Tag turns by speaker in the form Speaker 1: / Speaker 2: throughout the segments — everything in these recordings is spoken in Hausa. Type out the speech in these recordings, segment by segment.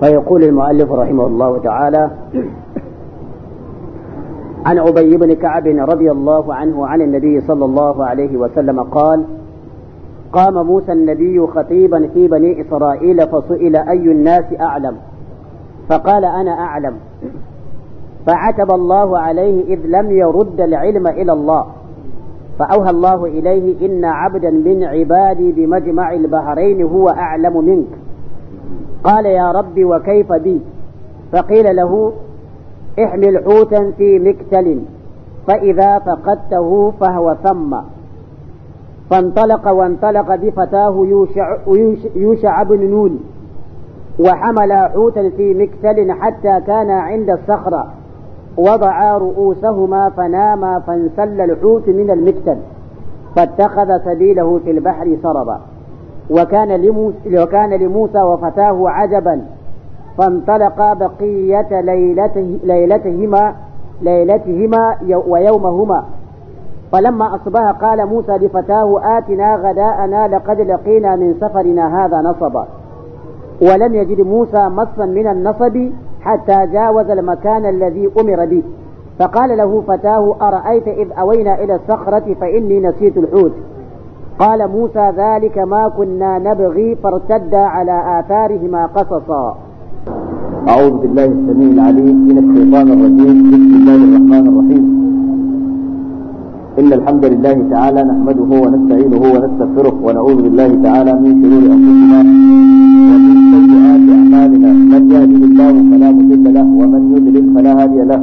Speaker 1: فيقول المؤلف رحمه الله تعالى عن أبي بن كعب رضي الله عنه عن النبي صلى الله عليه وسلم قال قام موسى النبي خطيبا في بني إسرائيل فسئل أي الناس أعلم فقال أنا أعلم فعتب الله عليه إذ لم يرد العلم إلى الله فأوهى الله إليه إن عبدا من عبادي بمجمع البحرين هو أعلم منك قال يا رب وكيف بي فقيل له احمل حوتا في مكتل فإذا فقدته فهو ثم فانطلق وانطلق بفتاه يوشع, يوشع بن نون وحمل حوتا في مكتل حتى كان عند الصخرة وضعا رؤوسهما فناما فانسل الحوت من المكتل فاتخذ سبيله في البحر سربا وكان لموسى, وكان لموسى وفتاه عجبا فانطلقا بقية ليلته ليلتهما ليلتهما ويومهما فلما أصبح قال موسى لفتاه آتنا غداءنا لقد لقينا من سفرنا هذا نصبا ولم يجد موسى مصا من النصب حتى جاوز المكان الذي أمر به فقال له فتاه أرأيت إذ أوينا إلى الصخرة فإني نسيت الحوت قال موسى ذلك ما كنا نبغي فارتدا على آثارهما قصصا
Speaker 2: أعوذ بالله السميع العليم من الشيطان الرجيم بسم الله الرحمن الرحيم إن الحمد لله تعالى نحمده ونستعينه ونستغفره ونعوذ بالله تعالى من شرور أنفسنا ومن سيئات أعمالنا من يهده الله فلا مضل له ومن يضلل فلا هادي له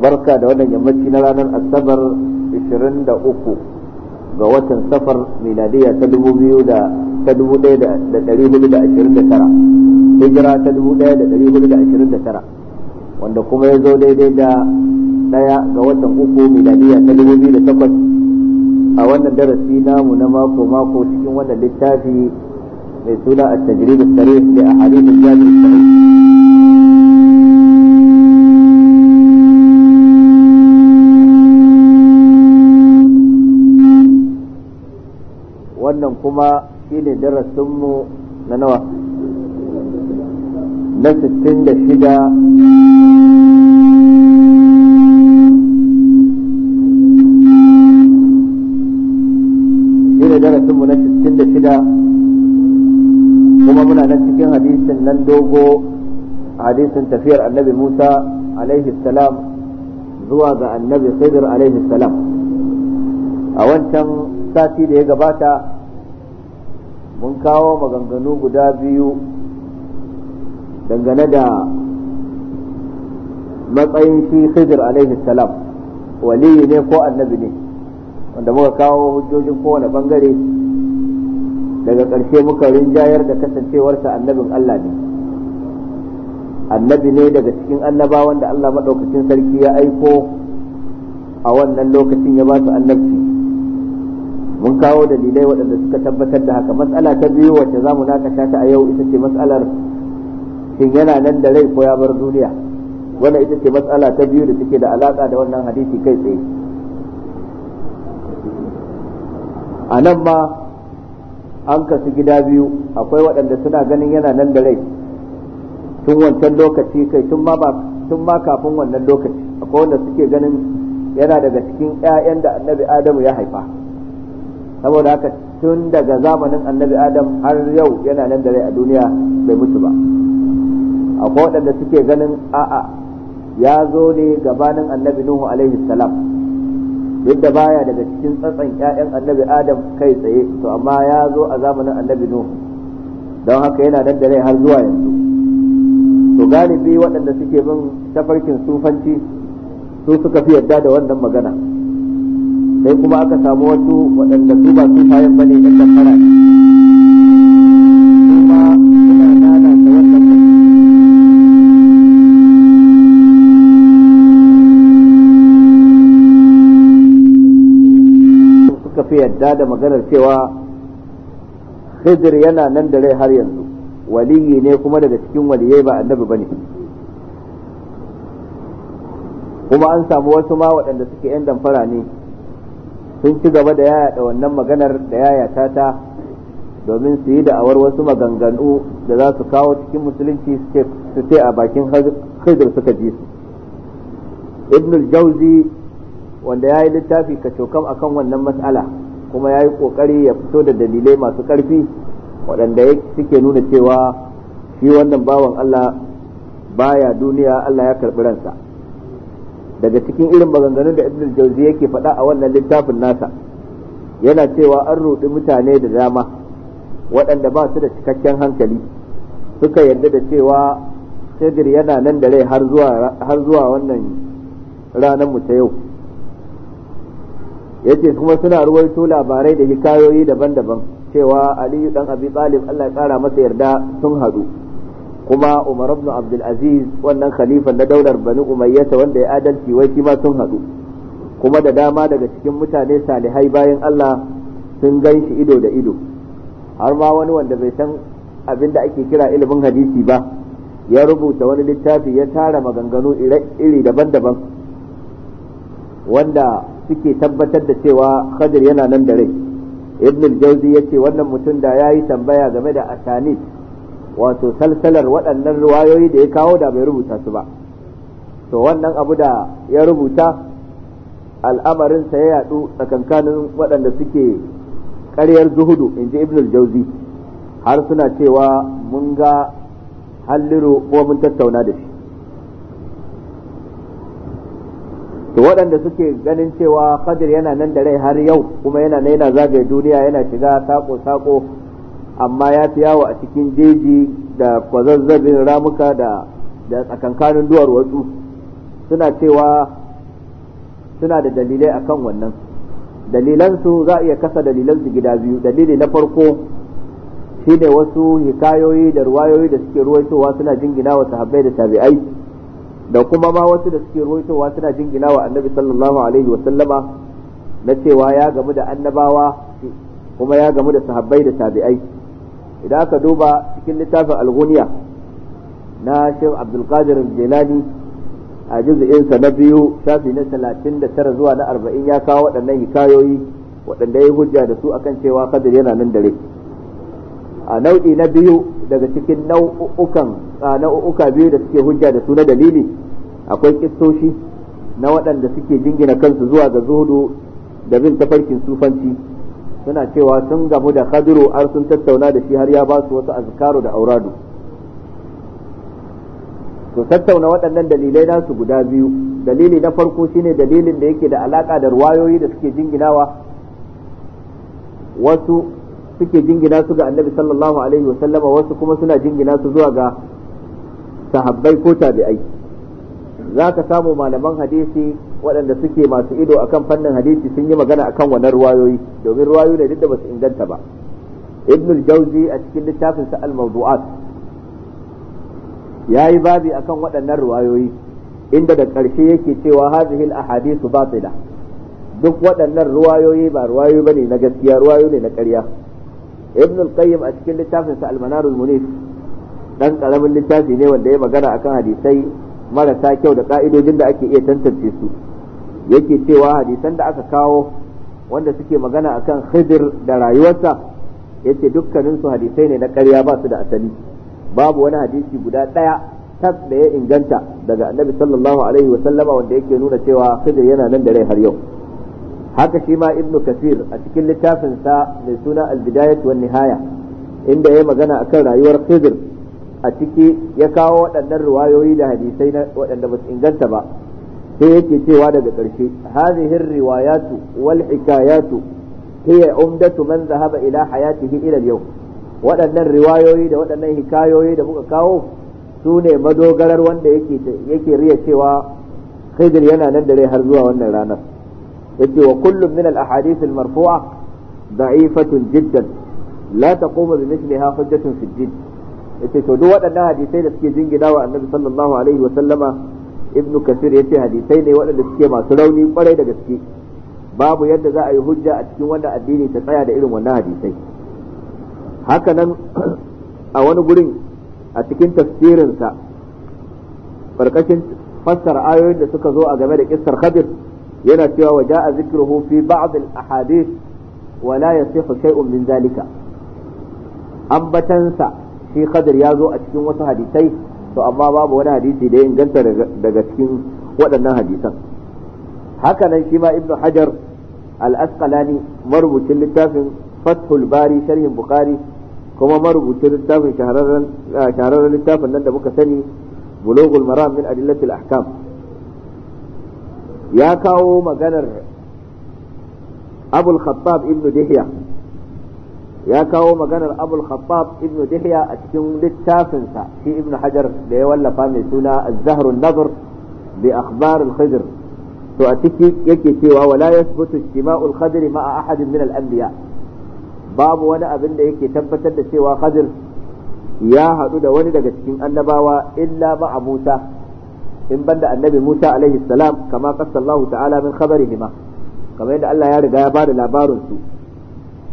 Speaker 2: barka da wannan yammaci na ranar asabar 23 ga watan safar miladiya ta 1429 hijira ta 1429 wanda kuma ya zo daidai da daya ga watan uku miladiya ta 2008 a wannan darasi namu na mako-mako cikin wannan littafi
Speaker 3: mai suna a da tarihi da a hadithin jami'in
Speaker 2: wannan kuma shi ne darasinmu na nawa na 66 darasinmu na 66 kuma muna nan cikin hadisin nan dogo hadisin tafiyar annabi Musa alaihi salam zuwa ga annabi Khidir alaihi salam a wancan sati da ya gabata mun kawo maganganu guda biyu dangane da matsayin shi khidr alaihi salam waliyi ne ko annabi ne wanda muka kawo hujjojin kowane bangare daga ƙarshe muka rinjayar da kasancewarsa annabin Allah ne annabi ne daga cikin annabawan wanda Allah maɗaukacin sarki ya aiko a wannan lokacin ya ba su annabci kawo dalilai waɗanda suka tabbatar da haka matsala ta biyu wacce za mu nakasha ta a yau ita ce matsalar shin yana nan da rai ko ya bar duniya wannan ita ce matsala ta biyu da take da alaka da wannan hadisi kai tsaye a nan ma an kasu gida biyu akwai waɗanda suna ganin yana nan da rai tun wancan lokaci kai tun ma kafin wannan lokaci akwai wanda suke ganin yana daga cikin 'ya'yan da annabi adamu ya haifa saboda haka tun daga zamanin annabi adam har yau yana nan da rai a duniya bai mutu ba akwai waɗanda suke ganin a'a ya zo ne gabanin annabi nuhu alaihi salam duk da baya daga cikin tsatsan 'ya'yan annabi adam kai tsaye to amma ya zo a zamanin annabi nuhu don haka yana nan da rai har zuwa yanzu to galibi waɗanda suke bin tafarkin sufanci su suka fi yarda da wannan magana sai kuma aka samu wasu waɗanda su ba sufayen bane ɗan damfara fi yadda da maganar cewa Khidr yana nan da rai har yanzu waliyi ne kuma daga cikin waliyai ba annabi bane kuma an samu wasu ma waɗanda suke 'yan damfara ne sun ci gaba da yayata wannan maganar da yaya ta domin su yi awar wasu maganganu da za su kawo cikin musulunci su ce a bakin hajjar suka ji su ibn jauzi wanda ya yi littafi kacokam akan wannan matsala kuma ya yi kokari ya fito da dalilai masu karfi waɗanda suke nuna cewa shi wannan bawan Allah baya duniya Allah ya karɓi ransa daga cikin irin maganganun da ibn al-jawzi yake faɗa a wannan littafin nasa yana cewa an ruɗi mutane da dama waɗanda ba su da cikakken hankali suka yarda da cewa khidir yana nan da rai har zuwa wannan ranar mu ta yau yace kuma suna ruwaito labarai da hikayoyi daban-daban cewa aliyu dan abi talib Allah ya kara masa yarda sun haɗu kuma Umar ibn Abdul Aziz wannan khalifan na daular Bani Umayyah wanda ya adalci wai shi ma sun hadu kuma da dama daga cikin mutane salihai bayan Allah sun gan shi ido da ido har ma wani wanda bai san abin da ake kira ilimin hadisi ba ya rubuta wani littafi ya tara maganganu iri daban-daban wanda suke tabbatar da cewa Khadir yana nan da rai ibn al-Jawzi yace wannan mutum da yayi tambaya game da asanid wato salsalar waɗannan wayoyi da ya kawo da bai rubuta su ba to wannan abu da ya rubuta al'amarinsa ya yadu tsakankanin waɗanda suke ƙaryar zuhudu in ji ibnul jauzi har suna cewa mun ga halliru ko mun tattauna da shi to waɗanda suke ganin cewa kadir yana nan da rai har yau kuma yana na yana zagaye duniya yana shiga sako-sako amma ya fi yawo a cikin jeji da kwazazzabin ramuka da da tsakankanin duwar wasu suna cewa suna da dalilai akan wannan dalilansu za a iya kasa dalilansu gida biyu dalili na farko shine wasu hikayoyi da ruwayoyi da suke ruwaitowa suna jingina wa sahabbai da tabi'ai da kuma ma wasu da suke ruwaitowa suna jingina wa annabi sallallahu alaihi wa sallama na cewa ya gamu da annabawa kuma ya gamu da sahabbai da tabi'ai idan aka duba cikin littafin alguniya na qadir abdulkadir jelani a juz'insa na biyu shafi na talatin da tara zuwa na arba'in ya kawo waɗannan hikayoyi waɗanda ya hujja da su akan cewa kadir yana nan dare a nau'i na biyu daga cikin nau'ukan nau'uka biyu da suke hujja da su na dalili akwai kistoshi na waɗanda suke jingina kansu zuwa ga zuhudu da bin tafarkin sufanci suna cewa sun gamu da khadiru har sun tattauna da shi har ya ba su wasu azkaru da auradu to tattauna waɗannan dalilai nasu guda biyu dalili na farko shine dalilin da yake da alaka da ruwayoyi da suke jinginawa wasu suke jingina su ga annabi sallallahu alaihi wasallama wasu kuma suna jingina su zuwa ga sahabbai ko tabi'ai za ka samu malaman hadisi waɗanda suke masu ido akan fannin hadisi sun yi magana akan wannan ruwayoyi domin ruwayoyi ne duk da basu inganta ba ibn al-jawzi a cikin littafin sa al-mawdu'at yayi babi akan waɗannan ruwayoyi inda da ƙarshe yake cewa hadhihi al-ahadithu batila duk waɗannan ruwayoyi ba ruwayoyi bane na gaskiya ruwayoyi ne na ƙarya ibn al-qayyim a cikin littafin sa al-manar al-munif dan karamin littafi ne wanda ya magana akan hadisai marasa kyau da ka'idojin da ake iya tantance su yake cewa hadisan da aka kawo wanda suke magana akan khidir da rayuwarsa yace dukkanin su hadisai ne na ƙarya ba su da asali babu wani hadisi guda ɗaya tas da ya inganta daga annabi sallallahu alaihi wa sallama wanda yake nuna cewa khidir yana nan da rai har yau haka shi ma ibnu kasir a cikin littafin sa mai suna al-bidayat wan nihaya inda ya magana akan rayuwar khidir a ciki ya kawo waɗannan ruwayoyi da hadisai waɗanda ba su inganta ba sai yake cewa daga ƙarshe hadhihi riwayatu wal hikayatu hiya umdatu man zahaba ila hayatihi ila yau waɗannan riwayoyi da waɗannan hikayoyi da muka kawo su ne madogarar wanda yake yake riya cewa khidir yana nan dare har zuwa wannan ranar yace wa kullum min al ahadith al marfu'a da'ifatun jiddan la taqumu bi mithliha hujjatun fi yace to duk waɗannan hadisai da suke jinginawa annabi sallallahu alaihi wa sallama ibnu kasir ce hadisai ne waɗanda suke masu rauni kwarai da gaske babu yadda za a yi hujja a cikin wanda addini ta tsaya da irin wannan hadisai haka nan a wani gurin a cikin tafsirinsa ƙarƙashin fassara ayoyin da suka zo a game da kissar khadir yana cewa wa ja'a zikruhu fi ba'd al ahadith wa la yasihu shay'un min zalika ambatansa shi khadir ya zo a cikin wasu hadisai to amma babu wani hadisi da ya inganta daga cikin waɗannan hadisan haka nan shi ma ibnu hajar al-asqalani marubucin littafin fathul bari sharhin bukhari kuma marubucin littafin shahararren littafin nan da muka sani bulughul maram min adillatil ahkam ya kawo maganar abul khattab ibnu dihya ya kawo maganar abul khattab ibn dihya a cikin littafinsa shi ibn hajar da ya wallafa mai suna az-zahr an-nazr bi akhbar al-khidr to a ciki yake cewa wala yasbutu ijtima'u al-khidr ma'a ahadin min al-anbiya babu wani abin da yake tabbatar da cewa khidr ya hadu da wani daga cikin annabawa illa ma'a musa in banda annabi musa alaihi salam kama qassa ta'ala min khabarihima kamar yadda Allah ya riga ya bada labarin su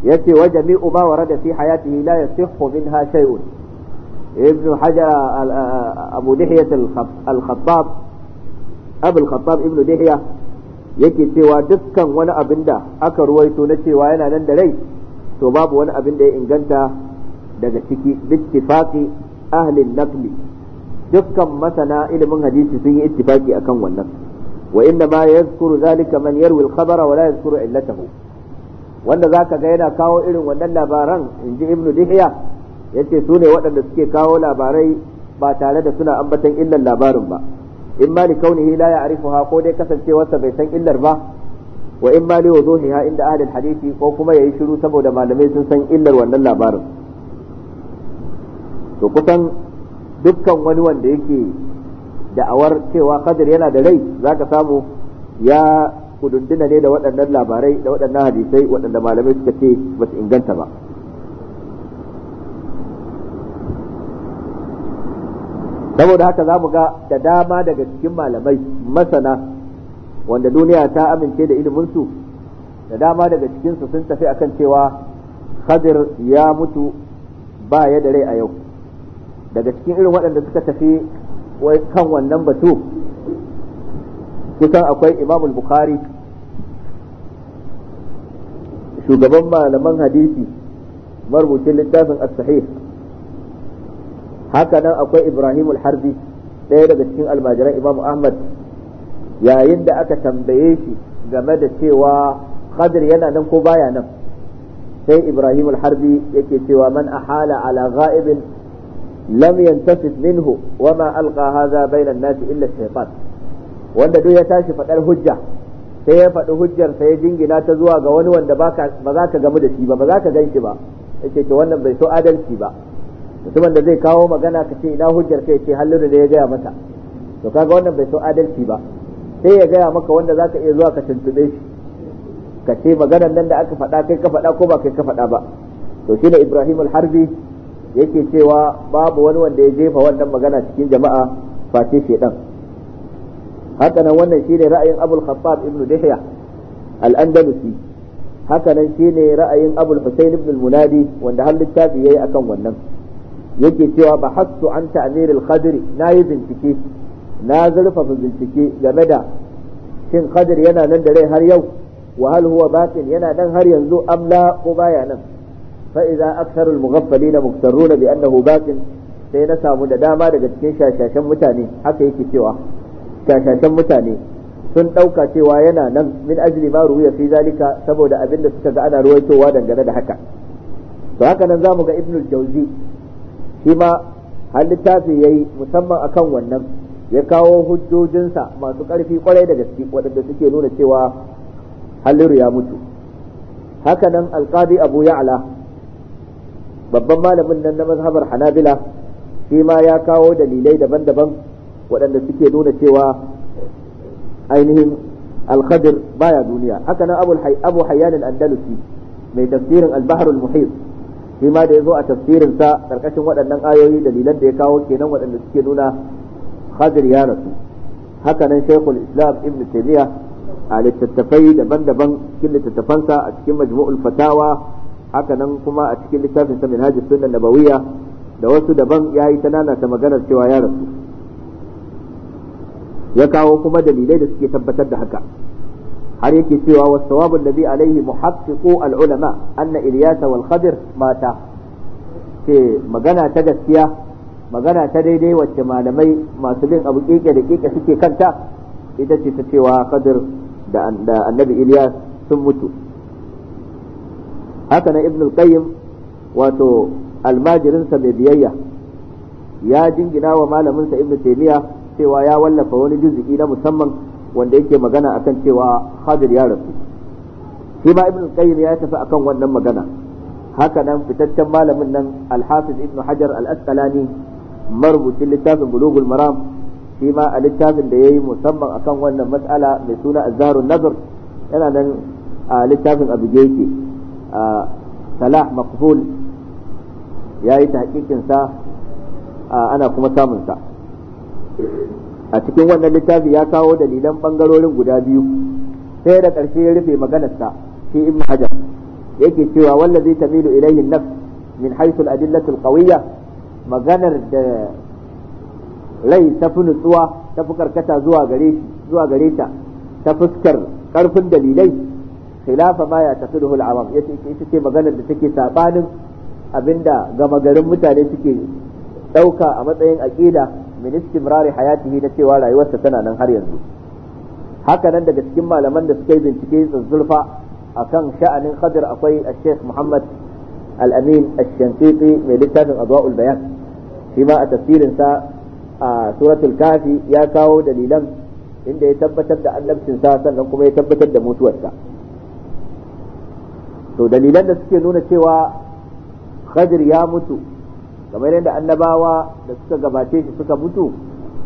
Speaker 2: yace wa jami'u ma warada fi hayatihi la yasihhu minha shay'un ibn hajar abu dihya al-khattab abu al ibn dihya yake cewa dukkan wani abin da aka ruwaito na cewa yana nan da rai to babu wani abinda ya inganta daga ciki bittifaqi ahli naqli dukkan masana ilimin hadisi sun yi ittifaki akan wannan wa inna ma yadhkuru zalika man yarwi al-khabara wa la yadhkuru illatahu wanda za ka ga yana kawo irin wannan labaran in ji ibnu dihiya ya ce su ne waɗanda suke kawo labarai ba tare da suna ambatan illar labarin ba in ma li kaunihi la ya'rifuha ko dai kasancewarsa bai san illar ba wa in ma li wuduhiha inda ahli hadisi ko kuma yayi shiru saboda malamai sun san illar wannan labarin to kusan dukkan wani wanda yake da'awar cewa kadir yana da rai zaka samu ya kudunduna ne da waɗannan labarai da waɗannan hadisai waɗanda malamai suka ce ba su inganta ba saboda haka za mu ga da dama daga cikin malamai masana wanda duniya ta amince da iliminsu da dama daga cikinsu sun tafi akan cewa khadir ya mutu ba ya da rai a yau daga cikin irin waɗanda suka tafi kan wannan batu kusan akwai imam bukhari shugaban malaman hadisi marubucin littafin as-sahih haka nan akwai ibrahim al-harbi ɗaya daga cikin almajiran imam ahmad yayin da aka tambaye shi game da cewa khadir yana nan ko baya nan sai ibrahim al-harbi yake cewa man ahala ala gha'ibin lam yantasif minhu wa alqa hadha bayna an-nas illa shaytan wanda duk ya tashi faɗar hujja sai ya faɗi hujjar sai ya jingina ta zuwa ga wani wanda ba za ka gamu da shi ba ba za ka gan ba yake to wannan bai so adalci ba mutumin da zai kawo magana ka ce ina hujjar kai ce halluru da ya gaya mata to kaga wannan bai so adalci ba sai ya gaya maka wanda za ka iya zuwa ka tuntube shi ka ce maganar nan da aka faɗa kai ka faɗa ko ba kai ka faɗa ba to shine Ibrahim al-Harbi yake cewa babu wani wanda ya jefa wannan magana cikin jama'a face shedan haka nan wannan shine ra'ayin abul khattab ibn dihya al-andalusi haka nan shine ra'ayin abul husayn ibn al-munadi wanda har littafi yayi akan wannan yake cewa bahattu an ta'mir al-khadr nayi bincike na zurfafa bincike game da shin khadir yana nan da rai har yau wa hal huwa yana nan har yanzu am la ko baya nan fa idza aktharul mughaffalina muktarruna bi annahu batin sai na samu da dama daga cikin shashashan mutane haka yake cewa tashashen mutane sun ɗauka cewa yana nan min ajli ma ruwiya fi zalika saboda abinda suka ga ana ruwaitowa dangane da haka to haka nan zamu ga ibnu jauzi shi ma har littafi yayi musamman akan wannan ya kawo hujjojinsa masu ƙarfi kwarai da gaske waɗanda suke nuna cewa halliru ya mutu haka nan alqadi abu ya'la babban malamin nan na mazhabar hanabila shi ma ya kawo dalilai daban-daban waɗanda suke nuna cewa ainihin alkhadir baya duniya haka nan abu hayyan al-andalusi mai tafsirin al-bahr al-muhit shi ma da zo a tafsirin sa karkashin waɗannan ayoyi dalilan da ya kawo kenan waɗanda suke nuna khadir ya rasu haka nan shaykhul islam ibn taymiya a littattafai daban-daban cikin littattafansa a cikin majmu'ul fatawa haka nan kuma a cikin littafin sa minhajus sunnah nabawiyya da wasu daban yayi ta nana ta maganar cewa ya rasu ya kawo kuma dalilai da suke tabbatar da haka har yake cewa wa sawabu alladhi alaihi muhaqqiqu al ulama anna ilyasa wal khadir mata ce magana ta gaskiya magana ta daidai wacce malamai masu bin abu keke da keke suke kanta ita ce ta cewa khadir da annabi ilyas sun mutu haka na ibn al-qayyim wato almajirinsa mai biyayya ya jingina wa malaminsa ibn taymiya cewa ya wallafa wani juz'i na musamman wanda yake magana akan cewa hadir ya rasu shi ma Ibn Qayyim ya tafi akan wannan magana haka nan fitaccen malamin nan Al-Hafiz Ibn Hajar Al-Asqalani marubucin littafin Bulughul Maram shi ma a littafin da yayi musamman akan wannan matsala mai suna Azharun Nazar yana nan a littafin Abu Jayke Salah Maqbul yayi tahqiqin sa ana kuma samun sa a cikin wannan littafi ya kawo dalilan bangarorin guda biyu sai da ƙarshe ya rufe maganarsa shi in haja yake cewa wanda zai tamilu milu ilaihin nafs min haythu adillatul ƙawiyya qawiyya maganar da rai ta fi nutsuwa ta fi karkata zuwa gare ta ta fuskar karfin dalilai khilafa ma ya tafi al-awam ita ce maganar da take sabanin abinda gama garin mutane suke ɗauka a matsayin aƙida min istimrari hayatihi na cewa rayuwarsa tana nan har yanzu haka nan daga cikin malaman da suka yi bincike a akan sha'anin khadir akwai a sheikh muhammad al-amin al-shankiti mai littafin adwa'ul bayan shi ma a tafsirin sa a suratul kafi ya kawo dalilan inda ya tabbatar da annabcin sa sannan kuma ya tabbatar da mutuwarsa to dalilan da suke nuna cewa khadir ya mutu kamar yadda annabawa da suka gabace shi suka mutu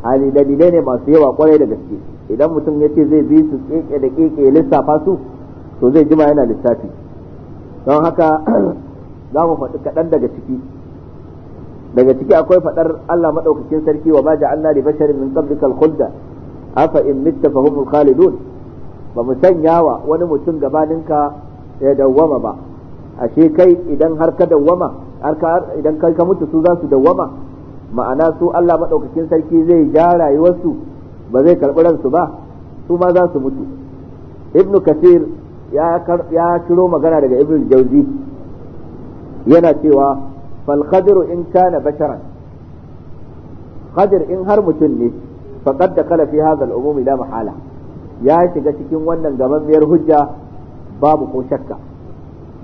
Speaker 2: hali dalilai ne masu yawa kwarai da gaske idan mutum ya ce zai bi su keke da keke lissafa su to zai jima yana lissafi don haka za mu faɗi kaɗan daga ciki daga ciki akwai faɗar Allah maɗaukakin sarki wa ma ja'alna da basharin min qablikal khulda afa in mitta fa khalidun ba mu sanya wa wani mutum gabaninka ya dawwama ba ashe kai idan har ka dawwama idan kai ka mutu su za su dawwama ma'ana su Allah madaukakin sarki zai ja rayuwarsu ba zai karɓi ransu ba su ma za su mutu ibnu kasir ya ciro magana daga ibnu jauzi yana cewa fal khadiru in kana basharan khadir in har mutum ne faqad dakala fi hadha al-umum la mahala ya shiga cikin wannan gamammiyar hujja babu ko shakka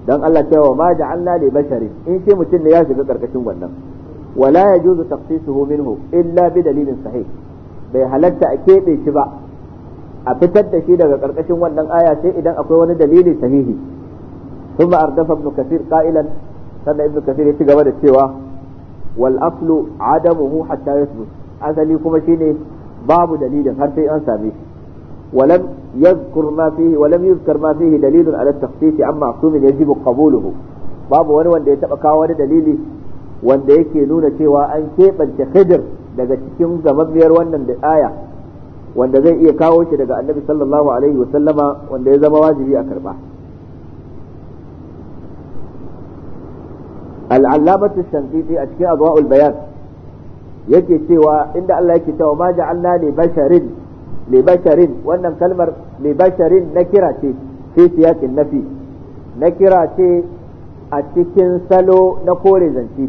Speaker 2: dan Allah cewa ma ja'alna li basharin in shi mutum ne ya shiga karkashin wannan wala yajuzu taqsisuhu minhu illa bi dalilin sahih bai halatta a keɓe shi ba a fitar da shi daga karkashin wannan aya sai idan akwai wani dalili sahihi ثم أردف ابن كثير قائلا سنة ya كثير يتقبل السوى والأصل عدمه حتى asali kuma shine babu dalilin har sai an أنسى به ولم يذكر ما فيه ولم يذكر ما فيه دليل على التخصيص عن معصوم يجب قبوله babu wani wanda ya taba kawo wani dalili wanda yake nuna cewa an keɓance khidir daga cikin gamammiyar wannan da aya wanda zai iya kawo shi daga annabi sallallahu alaihi wanda ya zama wajibi a karba al'allamatu shankiti a cikin adwa'ul bayan yake cewa inda Allah yake cewa ma ja'alna li basharin li basharin wannan kalmar li basharin nakira ce fi siyaqin nafi nakira ce a cikin salo na kore zance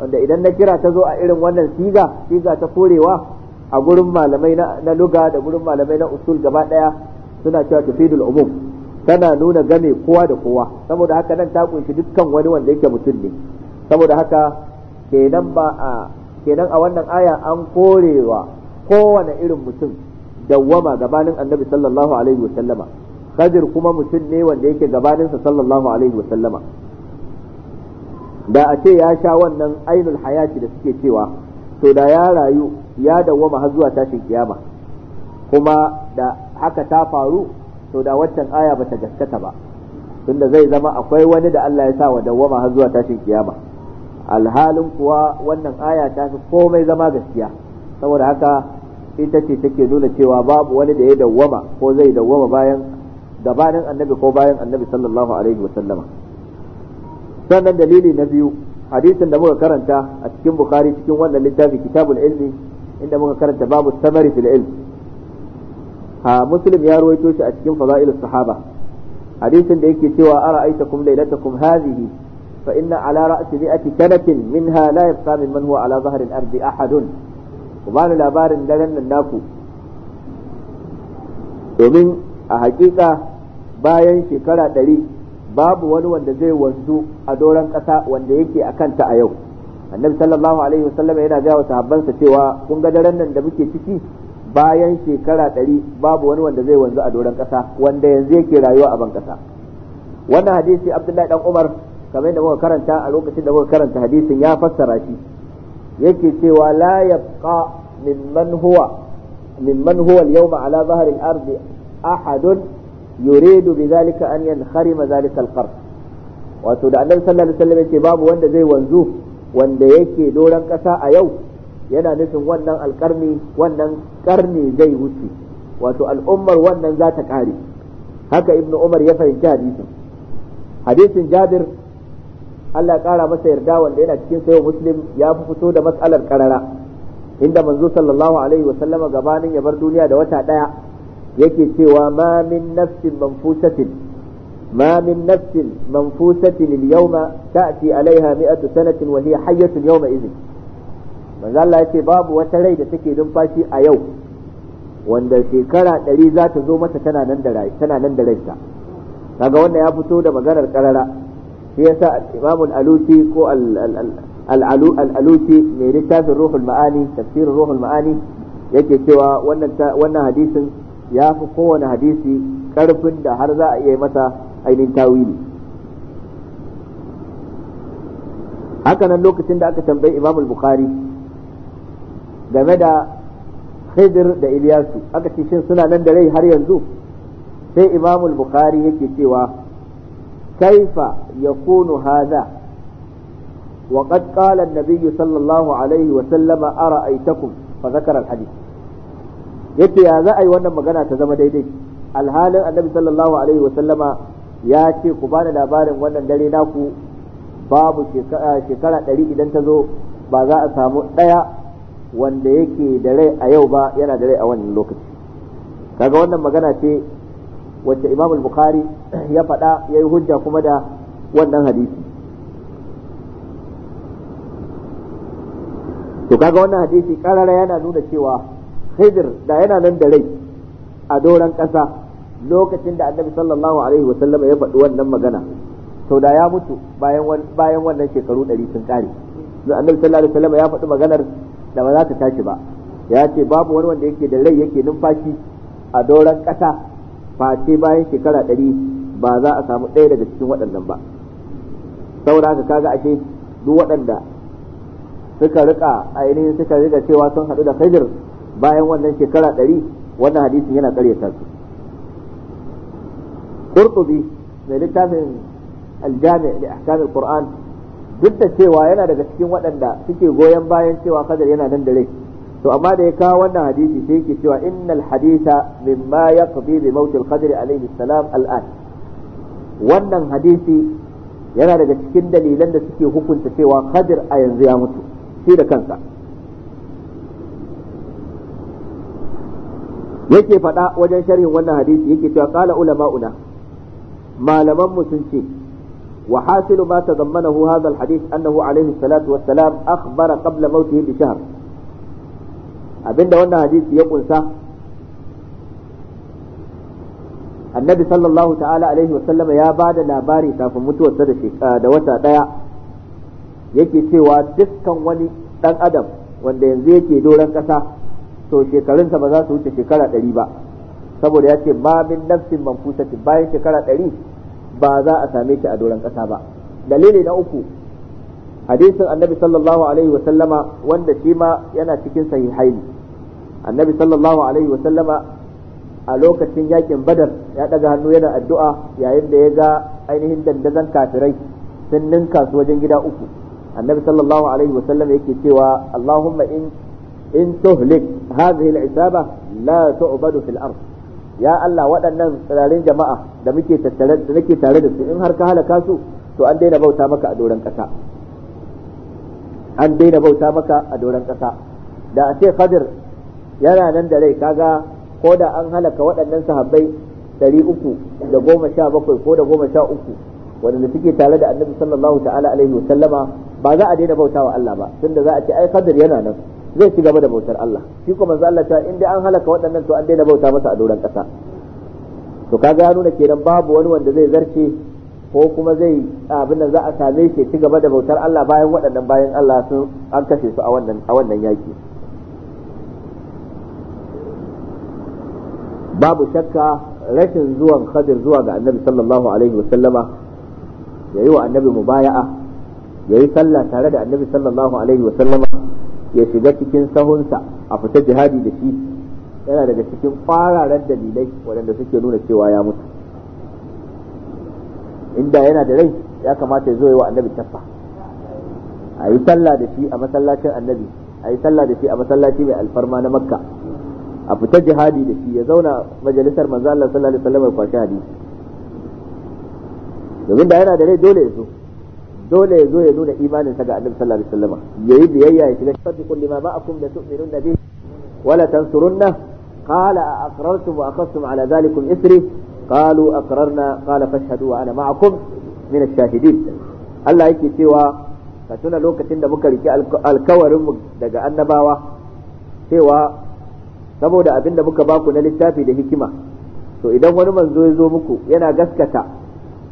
Speaker 2: wanda idan nakira ta zo a irin wannan siga siga ta korewa a gurin malamai na luga da gurin malamai na usul gaba daya suna cewa tufidul umum tana nuna game kowa da kowa saboda haka nan ta kunshi dukkan wani wanda yake mutum ne saboda haka kenan ba a kenan a wannan aya an korewa kowane irin mutum dawwama gabanin annabi sallallahu alaihi wa khadir kuma mutum ne wanda yake sa sallallahu alaihi wa da a ce ya sha wannan ainul hayati da suke cewa to da ya rayu ya dawwama har zuwa tashin kiyama kuma da haka ta faru to da waccan aya bata gaskata ba tunda zai zama akwai wani da Allah ya sa wa dawwama har zuwa tashin kiyama alhalin kuwa wannan aya ta fi komai zama gaskiya saboda haka ita ce take nuna cewa babu wani da ya dawwama ko zai dawwama bayan gabanin annabi ko bayan annabi sallallahu alaihi sannan dalili na biyu hadisin da muka karanta a cikin bukari cikin wannan littafi kitabul ilmi inda muka karanta babu samari fil ilm ha muslim ya ruwaito shi a cikin fadailus sahaba hadisin da yake cewa ara'aytakum laylatakum hadhihi fa inna ala ra'si mi'ati kanatin minha la yabqa mimman huwa ala dhahri al-ardi ahadun ku ba ni labarin daren nan naku domin a hakika bayan shekara ɗari babu wani wanda zai wanzu a doron ƙasa wanda yake a kanta a yau annabi sallallahu alaihi wasallam yana gaya wa sahabbansa cewa kun ga daren nan da muke ciki bayan shekara ɗari babu wani wanda zai wanzu a doron ƙasa wanda yanzu yake rayuwa a ban ƙasa wannan hadisi abdullahi dan umar kamar yadda muka karanta a lokacin da muka karanta hadisin ya fassara shi yake cewa la yabqa mimman huwa mimman huwa al-yawma ala dhahr al-ard ahad yurid bidhalika an yankharima dhalika al-qarn wato da annabi sallallahu alaihi wasallam babu wanda zai wanzu wanda yake doran kasa a yau yana nufin wannan alkarni wannan karni zai wuce wato al'ummar wannan zata ta haka ibnu umar ya fahimci hadisin hadisin jabir Allah ya kara masa yarda wanda yana cikin sayo muslim ya fi fito da matsalar karara inda manzo sallallahu alaihi wa sallama gabanin ya bar duniya da wata daya yake cewa ma min nafsin manfusatin ma min nafsin manfusatin al-yawma ta'ti alaiha mi'atu sanatin wa hiya hayyatun yawma idhin manzo Allah yace babu wata rai da take numfashi a yau wanda shekara ɗari za ta zo mata tana nan da rai tana nan da ranta kaga wannan ya fito da maganar karara shi yasa al-imam al-alusi ko al-alusi mai littafin ruhun ma'ani tafsirin ruhun ma'ani yake cewa wannan hadisin ya fi kowane hadisi karfin da har za a iya masa ainihin tawili hakanan lokacin da aka tambayi imam al-bukhari game da khidir da ilyasu aka ce shin suna nan da rai har yanzu sai imam al-bukhari yake cewa كيف يكون هذا وقد قال النبي صلى الله عليه a أرأيتكم فذكر الحديث yace ya za a yi wannan magana ta zama daidai alhalin annabi sallallahu ya ce ku bani labarin wannan dare naku babu shekara ɗari idan ta zo ba za a samu ɗaya wanda yake da rai a yau ba yana da rai a wannan lokaci kaga wannan magana ce wacce imam al-bukhari ya faɗa ya yi hujja kuma da wannan hadisi to kaga wannan hadisi karara yana nuna cewa hijir da yana nan da rai a doron ƙasa lokacin da annabi sallallahu alaihi wa ya faɗi wannan magana to da ya mutu bayan wannan shekaru ɗari sun kare annabi sallallahu alaihi wa ya faɗi maganar da ba za ta tashi ba ya ce babu wani wanda yake da rai yake numfashi a doron ƙasa face bayan shekara ɗari ba za a samu ɗaya daga cikin waɗannan ba saboda haka kaga ashe duk waɗanda suka rika ainihin suka rika cewa sun haɗu da khidr bayan wannan shekara ɗari wannan hadisin yana ƙaryata su qurtubi mai littafin aljami da ahkamin qur'an duk da cewa yana daga cikin waɗanda suke goyon bayan cewa kadar yana nan da rai to amma da ya kawo wannan hadisi sai yake cewa innal haditha mimma yaqdi bi maut al-qadr alayhi salam al-an wannan hadisi yana daga cikin dalilan da suke hukunta cewa qadir a yanzu ya mutu shi da kansa yake faɗa wajen sharhin wannan hadisi yake cewa qala ulama'una malaman mu sun ce وحاصل ما تضمنه هذا الحديث أنه عليه الصلاة والسلام أخبر قبل موته بشهر abinda wannan hadisi ya kunsa annabi sallallahu ta'ala alaihi wasallam ya ba da labari kafin mutuwarsa da da wata daya yake cewa dukkan wani dan adam wanda yanzu yake doron kasa to shekarunsa ba za su wuce shekara ɗari ba saboda ya ce ma min nafsin manfusatin bayan shekara ɗari ba za a same shi a doron kasa ba dalili na uku hadisin annabi sallallahu alaihi wasallama wanda shi ma yana cikin sahihaini annabi sallallahu alaihi wa sallama a lokacin yakin badar ya daga hannu yana addu'a yayin da ya ga ainihin dandazon kafirai sun ninka su wajen gida uku annabi sallallahu alaihi wa yake cewa allahumma in in tuhlik hadhihi al-isaba la tu'badu fil ard ya Allah waɗannan tsirarin jama'a da muke tattare da nake tare da su in har ka halaka su to an daina bauta maka a doran ƙasa an daina bauta maka a ƙasa da a ce Khadir yana nan da rai kaga ko da an halaka waɗannan sahabbai ɗari uku da goma sha bakwai ko da goma sha uku waɗanda suke tare da annabi sallallahu ta'ala alaihi sallama ba za a daina bautawa Allah ba tunda za a ce ai kadir yana nan zai ci gaba da bautar Allah shi kuma manzo Allah ta in dai an halaka waɗannan to an daina bauta masa a doron ƙasa to kaga ya nuna kenan babu wani wanda zai zarce ko kuma zai abin nan za a same shi ci gaba da bautar Allah bayan waɗannan bayan Allah sun an kashe su a wannan a wannan yaki babu shakka rashin zuwan khadir zuwa ga annabi sallallahu alaihi wasallama ya yi wa annabi mubaya'a ya yi sallah tare da annabi sallallahu alaihi wa sallama ya shiga cikin sahunsa a fita jihadi da shi yana daga cikin fararen dalilai waɗanda suke nuna cewa ya mutu inda yana da rai ya kamata ya zo yi wa annabi tafa a yi sallah da shi a masallacin annabi a yi sallah da shi a masallaci mai alfarma na makka a fita jihadi da shi ya zauna majalisar manzo Allah sallallahu alaihi wasallam ya kwashi hadisi domin da yana da rai dole ya zo dole ya zo ya nuna imanin sa ga annabi sallallahu alaihi wasallam yayi biyayya ya shiga sadiqul lima ba'akum la tu'minuna bi wala tansurunna qala a aqrartum wa aqastum ala dhalikum isri qalu aqrarna qala fashhadu wa ana ma'akum min ash-shahidin Allah yake cewa ka tuna lokacin da muka rike alkawarinmu daga annabawa cewa saboda abin da muka baku na littafi da hikima to idan wani manzo ya zo muku yana gaskata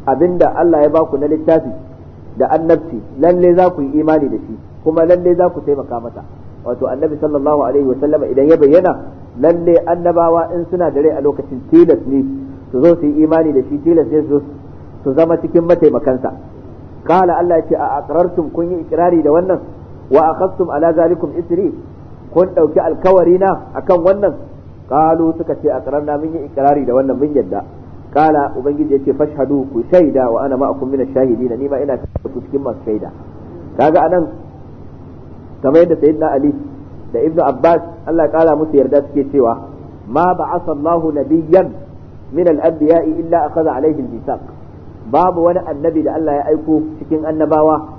Speaker 2: abin da Allah ya baku na littafi da annabci lalle za ku yi imani da shi kuma lalle za ku taimaka masa wato annabi sallallahu alaihi wa sallama idan ya bayyana lalle annabawa in suna da rai a lokacin tilas ne su zo su yi imani da shi tilas ne su su zama cikin mataimakansa kala Allah ya ce a aqrartum kun yi ikrari da wannan wa akhadtum ala zalikum isri kun ɗauki alkawari na akan wannan kalu suka ce na mun yi ikrari da wannan mun yadda kala ubangiji yace fashhadu ku shaida wa ana ma'akum min ash-shahidin ni ma ina tare ku cikin masu shaida kaga anan kamar yadda sayyidina ali da ibnu abbas Allah ya musu yarda suke cewa ma ba'atha Allahu nabiyyan min al-anbiya'i illa akhadha alayhi al-mithaq babu wani annabi da Allah ya aiko cikin annabawa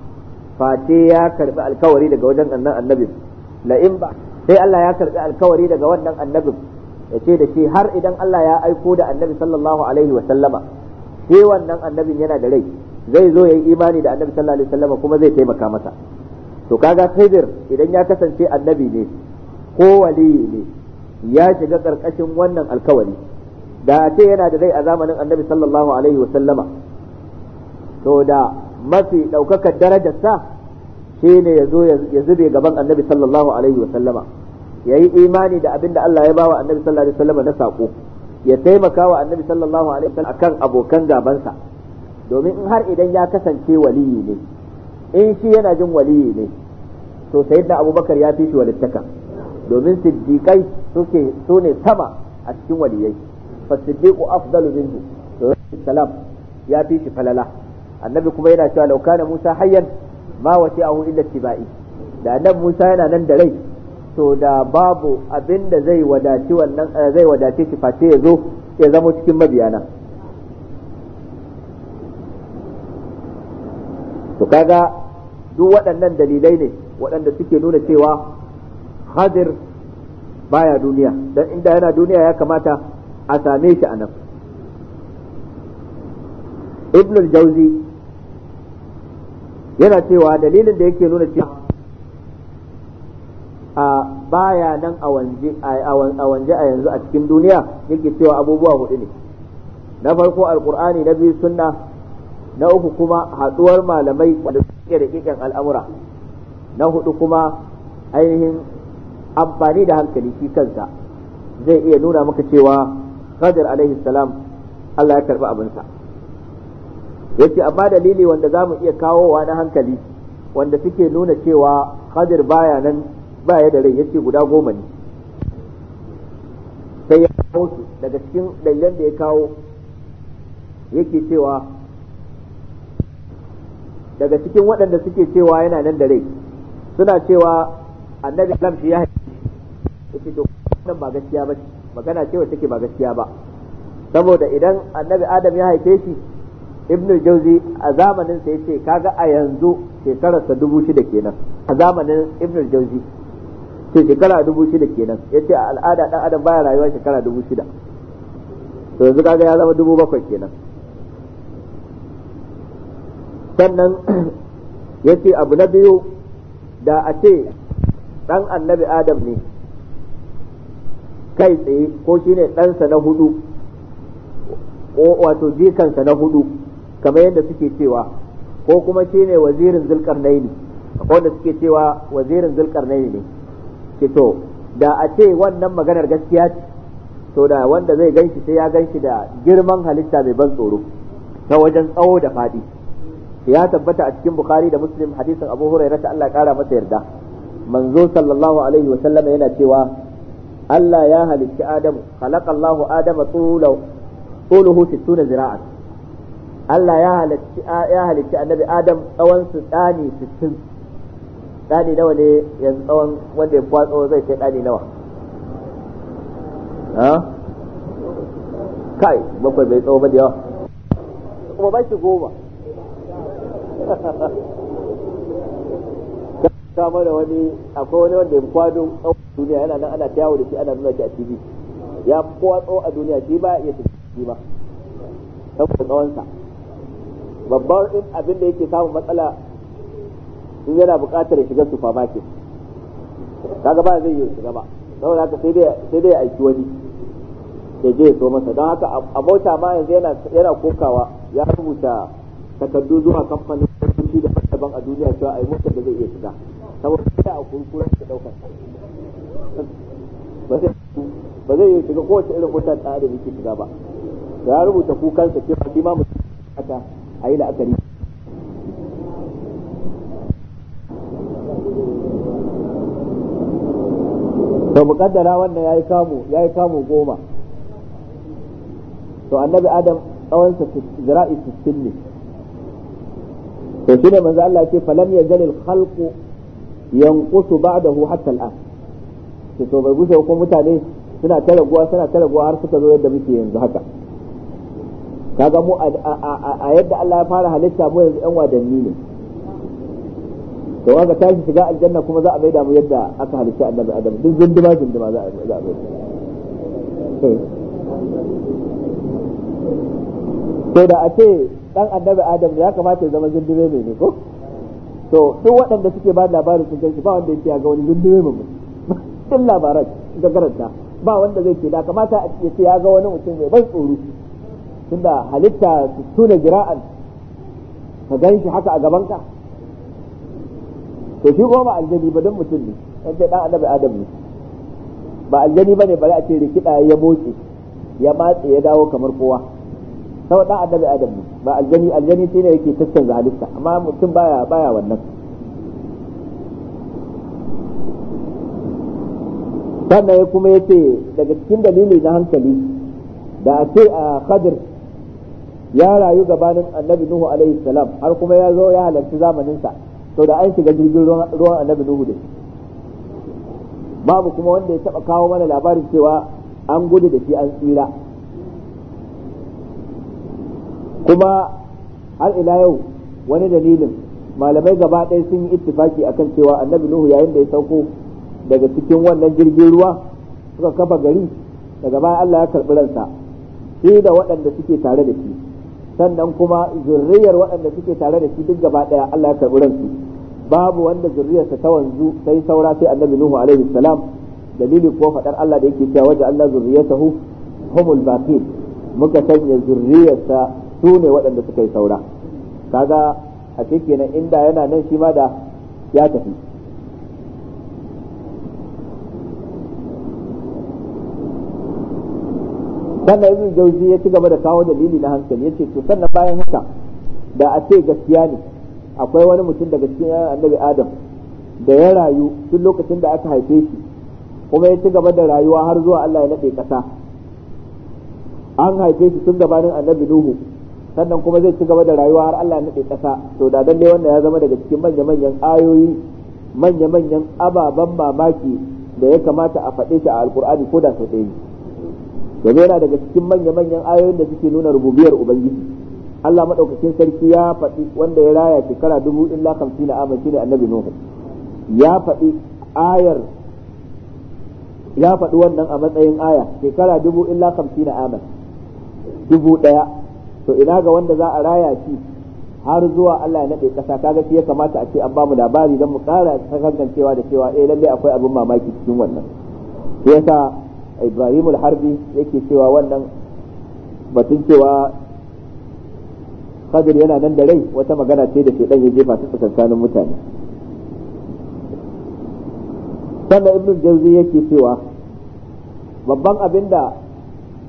Speaker 2: face ya karbi alkawari daga wajen annan annabin la ba sai Allah ya karbi alkawari daga wannan annabin ya ce da shi har idan Allah ya aiko da annabi sallallahu alaihi wa sallama wannan annabin yana da rai zai zo ya yi imani da annabi sallallahu alaihi wa sallama kuma zai taimaka masa to kaga khidir idan ya kasance annabi ne ko waliyi ne ya shiga karkashin wannan alkawari da ce yana da rai a zamanin annabi sallallahu alaihi wa sallama to da mafi daukakar sa shine yazo ya zube gaban annabi sallallahu alaihi wa sallama yayi imani da abin da Allah ya bawa annabi sallallahu alaihi wa sallama na sako ya taimaka wa annabi sallallahu alaihi wa akan abokan gabansa domin in har idan ya kasance waliyi ne in shi yana jin waliyi ne to sayyidina abubakar ya fi shi walittaka domin siddiqai suke su ne sama a cikin waliyai fa siddiqu afdalu minhu salam ya fi shi falala annabi kuma yana cewa law kana musa hayyan ma wasi'ahu illa tibai da nan Musa yana nan da rai to da babu abin da zai wadaci wannan eh, zai wadace shi face ya zo ya zama cikin mabiyana to kaga duk waɗannan dalilai ne waɗanda suke nuna cewa hadir baya duniya dan inda yana duniya ya kamata a same shi a nan ibnul jauzi yana cewa dalilin da yake nuna cewa a baya nan a wanje a yanzu a cikin duniya yake cewa abubuwa hudu ne na farko alkur'ani na biyu sunna na uku kuma haduwar malamai da suke da kikin al'amura na hudu kuma ainihin amfani da hankali shi kansa zai iya nuna maka cewa Khadir alaihi salam Allah ya karɓi abinsa. yace amma dalili wanda za mu iya kawowa na hankali wanda suke nuna cewa hadir baya nan baya da rai yace guda goma ne sai ya kawo su daga cikin dalilan da ya kawo yake cewa daga cikin waɗanda suke cewa yana nan da rai suna cewa annabi alam shi ya haifi yace to wannan ba gaskiya ba magana cewa take ba gaskiya ba saboda idan annabi adam ya haife shi ibnu jauzi a zamanin sa yace kaga a yanzu shekarar sa dubu shida kenan a zamanin ibnu jauzi sai shekara dubu shida kenan yace a al'ada dan adam baya rayuwa shekara dubu shida to yanzu kaga ya zama dubu bakwai kenan sannan yace abu na biyu da a ce dan annabi adam ne kai tsaye ko shine dansa na hudu wato jikansa na hudu kamar yadda suke cewa ko kuma shi ne wazirin zulkarnaini wanda suke cewa wazirin zulkarnaini ne ke to da a ce wannan maganar gaskiya ce to da wanda zai ganshi sai ya ganshi da girman halitta mai ban tsoro ta wajen tsawo da fadi ya tabbata a cikin bukhari da muslim hadisin abu huraira ta Allah kara masa yarda manzo sallallahu alaihi wa sallama yana cewa Allah ya halitta Adamu khalaqallahu Adama tuluhu 60 zira'at Allah ya halicci ya halicci annabi Adam tsawon su tsani 60 tsani nawa ne yanzu tsawon wanda ya kwatso zai kai tsani nawa ha kai bakwai bai tsawo ba da yawa kuma ba shi goma kama da wani akwai wani wanda ya kwado tsawon duniya yana nan ana ta da shi ana nuna shi a tv ya kwatso a duniya shi ba ya tafi ba saboda tsawonsa babban in abin da yake samun matsala in yana buƙatar ya shiga supermarket kaga ba zai yi shiga ba don haka sai dai sai dai aiki wani ya je ya so masa don haka a mota ma yanzu yana yana kokawa ya rubuta takardu zuwa kamfanin shi da daban a duniya cewa yi motar da zai iya shiga saboda sai a kurkuren da daukar ba zai yi shiga kowace irin wutar da yake shiga ba ya rubuta kukansa cewa shi ma mutum a yi la'akari to muƙaddara wannan ya yi kamu ya kamu goma to annabi adam tsawonsa zira'i sittin ne to shine manzo Allah ce falam yazal al khalqu yanqusu ba'dahu hatta al an to bai gushe ko mutane suna ta raguwa suna ta raguwa har suka zo yadda muke yanzu haka kaga mu a yadda Allah ya fara halitta mu yanzu yan wadanni ne to kaga tashi shiga aljanna kuma za a maida mu yadda aka halitta annabi adam duk zunduma zunduma za a da mu eh. to da a ce dan annabi adam ya kamata ya zama zundume mai ne ko to duk waɗanda suke ba labarin sun kai ba wanda yake ya ga wani zundume mai mutum labaran ga garanta ba wanda zai ce da kamata a ce ya ga wani mutum mai ban tsoro tunda halitta su tuna jira'an ka gan shi haka a gaban ka to shi kuma ba aljani ba don mutum ne dan sai dan annabi adam ne ba aljani ne bari a ce rikida ya motsi ya matse ya dawo kamar kowa sau dan annabi adam ne ba aljani aljani ne yake tattanza halitta amma mutum baya baya wannan sannan ya kuma yace daga cikin dalili na hankali da a ce a khadir ya rayu gabanin annabi nuhu alaihi salam har kuma ya zo ya halarci zamanin sa to da an shiga jirgin ruwan annabi nuhu da babu kuma wanda ya taba kawo mana labarin cewa an gudu da shi an tsira kuma har ila yau wani dalilin malamai gaba ɗaya sun yi ittifaki akan cewa annabi nuhu yayin da ya sauko daga cikin wannan jirgin ruwa suka kafa gari daga baya Allah ya karɓi ransa shi da waɗanda suke tare da shi sannan kuma zurriyar waɗanda suke tare da shi duk gaba ɗaya Allah ya karɓi ransu babu wanda zurriyarsa ta wanzu sai saura sai annabi nuhu alaihi salam dalili ko faɗar Allah da yake cewa waje Allah zurriyatahu humul baqin muka sanya zurriyarsa su ne waɗanda suka yi saura kaga a cikin inda yana nan shi ma da ya tafi sannan ibn jauzi ya ci gaba da kawo dalili na hankali yace to sannan bayan haka da a ce gaskiya ne akwai wani mutum daga cikin annabi adam da ya rayu tun lokacin da aka haife shi kuma ya ci gaba da rayuwa har zuwa Allah ya nade kasa an haife shi tun gabanin annabi nuhu sannan kuma zai ci gaba da rayuwa har Allah ya nade kasa to da dan wanda ya zama daga cikin manya manyan ayoyi manya manyan ababan mamaki da ya kamata a faɗe shi a alkur'ani ko da sau ɗaya yanzu yana daga cikin manya-manyan ayoyin da suke nuna rububiyar ubangiji Allah madaukakin sarki ya faɗi wanda ya raya shekara dubu illa hamsin na amin shine annabi nuhu ya faɗi ayar ya faɗi wannan a matsayin aya shekara dubu illa hamsin na amince dubu ɗaya to ina ga wanda za a raya shi har zuwa Allah ya naɗe ƙasa kaga shi ya kamata a ce an bamu labari don mu ƙara kankancewa da cewa eh lallai akwai abin mamaki cikin wannan yasa ibrahim al-harbi yake cewa wannan batun cewa khadir yana nan da rai wata magana ce da shedan ya jefa ta tsakanin mutane sannan ibn jauzi yake cewa babban abin da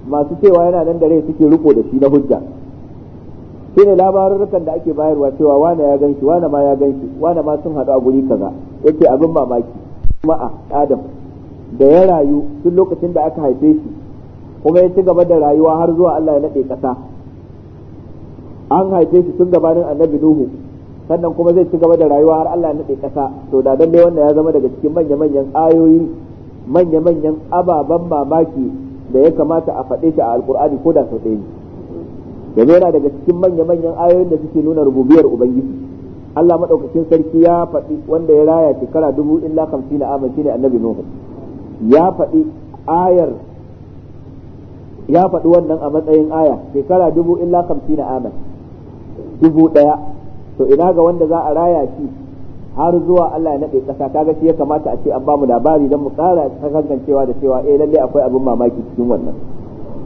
Speaker 2: masu cewa yana nan da rai suke riko da shi na hujja shi ne labarurrukan da ake bayarwa cewa wane ya ganshi wane ma ya ganshi wane ma sun haɗu a guri kaza yake abin mamaki kuma a adam da ya rayu tun lokacin da aka haife shi kuma ya ci gaba da rayuwa har zuwa Allah ya nade kasa an haife shi tun gabanin annabi nuhu sannan kuma zai ci gaba da rayuwa har Allah ya nade kasa to da dan dai wannan ya zama daga cikin manya manyan ayoyi manya manyan ababan mamaki da ya kamata a faɗe shi a alkur'ani ko da sau ɗaya ne yana daga cikin manya manyan ayoyin da suke nuna rububiyar ubangiji Allah madaukakin sarki ya faɗi wanda ya raya shekara dubu illa kamsi na shine annabi nuhu ya faɗi ayar ya faɗi wannan a matsayin aya shekara dubu illa kamsi na amin dubu ɗaya to ina ga wanda za a raya shi har zuwa Allah ya naɗe ƙasa kaga shi ya kamata a ce an bamu labari don mu ƙara kasancewa da cewa eh lalle akwai abin mamaki cikin wannan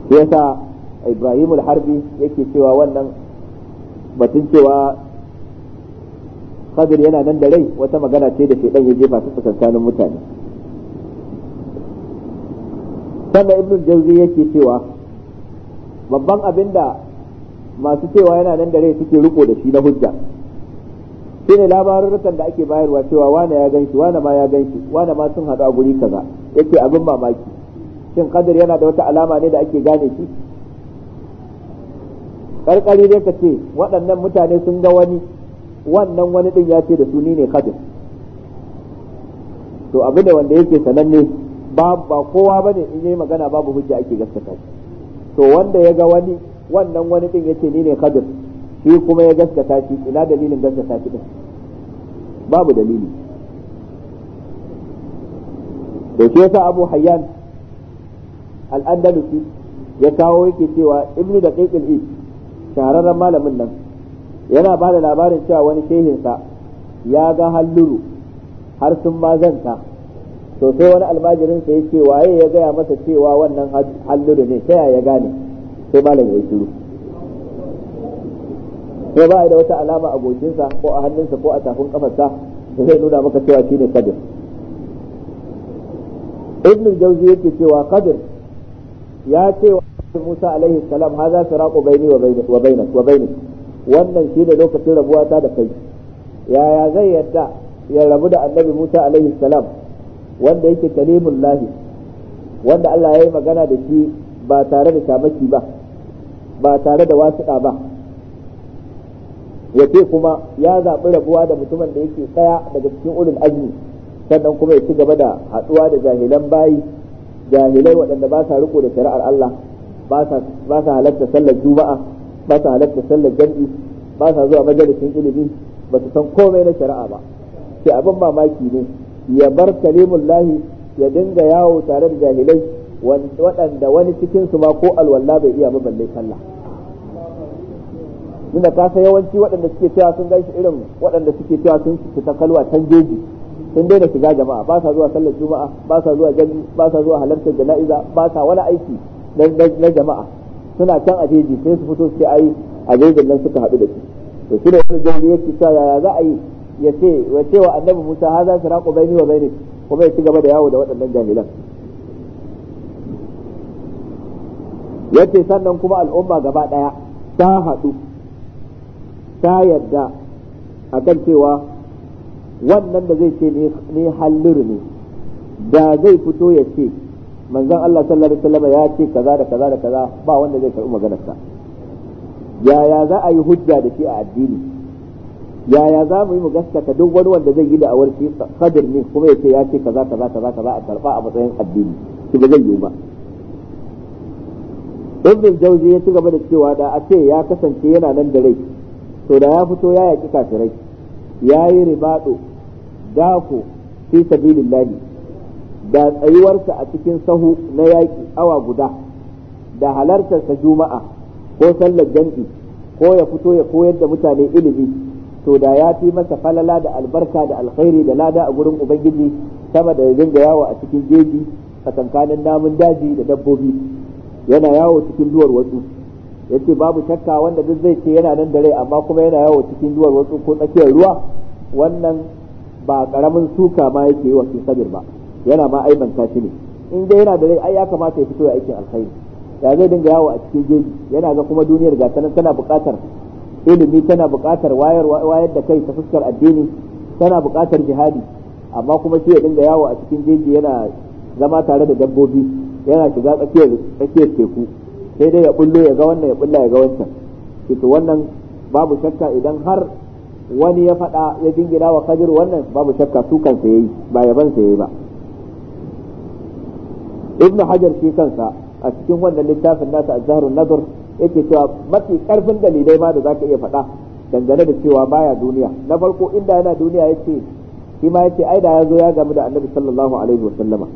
Speaker 2: shi yasa Ibrahim al-Harbi yake cewa wannan batun cewa Khadir yana nan da rai wata magana ce da shedan ya jefa su tsakanin mutane sanda ibnu jauzi yake cewa babban abin da masu cewa yana nan da rai suke riko da shi na hujja shine ne labarurrukan da ake bayarwa cewa wane ya ganshi wane ma ya ganshi wane ma sun haɗu a guri kaza yace abin mamaki shin kadir yana da wata alama ne da ake gane shi karkari dai ka ce waɗannan mutane sun ga wani wannan wani ɗin ya ce da su ni ne kadir to abu da wanda yake sananne ba ba kowa bane in yi magana babu hujja ake gaskata shi to wanda ya ga wani wannan wani din yace ni ne kadir shi kuma ya gaskata shi ina dalilin gaskata shi din babu dalili to shi yasa Abu Hayyan al-Andalusi ya kawo yake cewa ibnu Daqiq al-Id shahararren malamin nan yana ba da labarin cewa wani shehinsa ya ga halluru har sun mazanta to sai wani almajirin sa yake waye ya gaya masa cewa wannan halluru ne ta ya gane sai malam ya shiru ko ba da wata alama a gojinsa ko a hannunsa ko a tafin kafarsa da zai nuna maka cewa shine kadir ibn jauzi yake cewa kadir ya ce wa Musa alaihi salam haza siraqu baini wa bainak wa baini. wannan shine lokacin rabuwa ta da kai yaya zai yadda ya rabu da annabi Musa alaihi salam wanda yake kalimun lahi wanda Allah ya yi magana da shi ba tare da shamaki ba ba tare da wasiɗa ba ya ce kuma ya zaɓi rabuwa da mutumin da yake tsaya daga cikin ulin azmi sannan kuma ya ci gaba da haɗuwa da jahilan bayi jahilai waɗanda ba sa riko da shari'ar Allah ba sa halatta sallar juma'a ba sa halatta sallar jam'i ba sa zuwa majalisin ilimi ba su san komai na shari'a ba sai abin mamaki ne ya bar lahi ya dinga yawo tare da jahilai waɗanda wani cikin su ma ko alwala bai iya ba balle sallah inda ka san yawanci waɗanda suke cewa sun gaishe irin waɗanda suke cewa sun fita kalwa can jeji sun daina shiga jama'a ba sa zuwa sallar juma'a ba sa zuwa jami'i ba sa zuwa halartar jana'iza ba sa wani aiki na jama'a suna can a jeji sai su fito su ce ai a jejin nan suka haɗu da shi to shi da wani jeji yake cewa yaya za a yi ya ce wa cewa annabi Musa haza siraqu baini wa ne kuma ya ci gaba da yawo da waɗannan jahilan yace sannan kuma al'umma gaba ɗaya ta haɗu ta yarda akan cewa wannan da zai ce ni hallur ne da zai fito ya ce manzon Allah sallallahu alaihi wasallam ya ce kaza da kaza da kaza ba wanda zai karɓi maganarsa yaya za a yi hujja da shi a addini yaya za mu yi mu gaskata duk wani wanda zai yi da'awar shi kadir ne kuma ya ce ya ce kaza kaza kaza kaza a karfa a matsayin addini shi ba zai yi ba ibn jauzi ya ci gaba da cewa da a ce ya kasance yana nan da rai to da ya fito ya yaki kafirai ya yi ribado dako fi sabilillahi da tsayuwarsa a cikin sahu na yaƙi awa guda da halartarsa juma'a ko sallar jam'i ko ya fito ya koyar da mutane ilimi to da ya fi masa falala da albarka da alkhairi da lada a gurin ubangiji sama da dinga yawo a cikin jeji tsakanin namun daji da dabbobi yana yawo cikin duwar wasu yace babu shakka wanda duk zai ce yana nan da rai amma kuma yana yawo cikin duwar wasu ko tsakiyar ruwa wannan ba karamin suka ma yake yi wa sabir ba yana ma aibanta shi ne in dai yana da rai ai ya kamata ya fito ya aikin alkhairi ya zai dinga yawo a cikin jeji yana ga kuma duniyar gata nan tana buƙatar ilimi tana buƙatar wayar wayar da kai ta fuskar addini tana buƙatar jihadi amma kuma shi ya dinga yawo a cikin jeji yana zama tare da dabbobi yana shiga tsakiyar tsakiyar teku sai dai ya bullo ya ga wannan ya bulla ya ga wancan to wannan babu shakka idan har wani ya faɗa ya jingina wa kadir wannan babu shakka su kansa yayi ba ya sa yayi ba ibnu hajar shi kansa a cikin wannan littafin nasa az-zahrun nadr yake cewa mafi karfin dalilai ma da zaka iya faɗa dangane da cewa baya duniya na farko inda yana duniya yace shi ma yace ai da ya zo ya gamu da annabi sallallahu alaihi wa sallama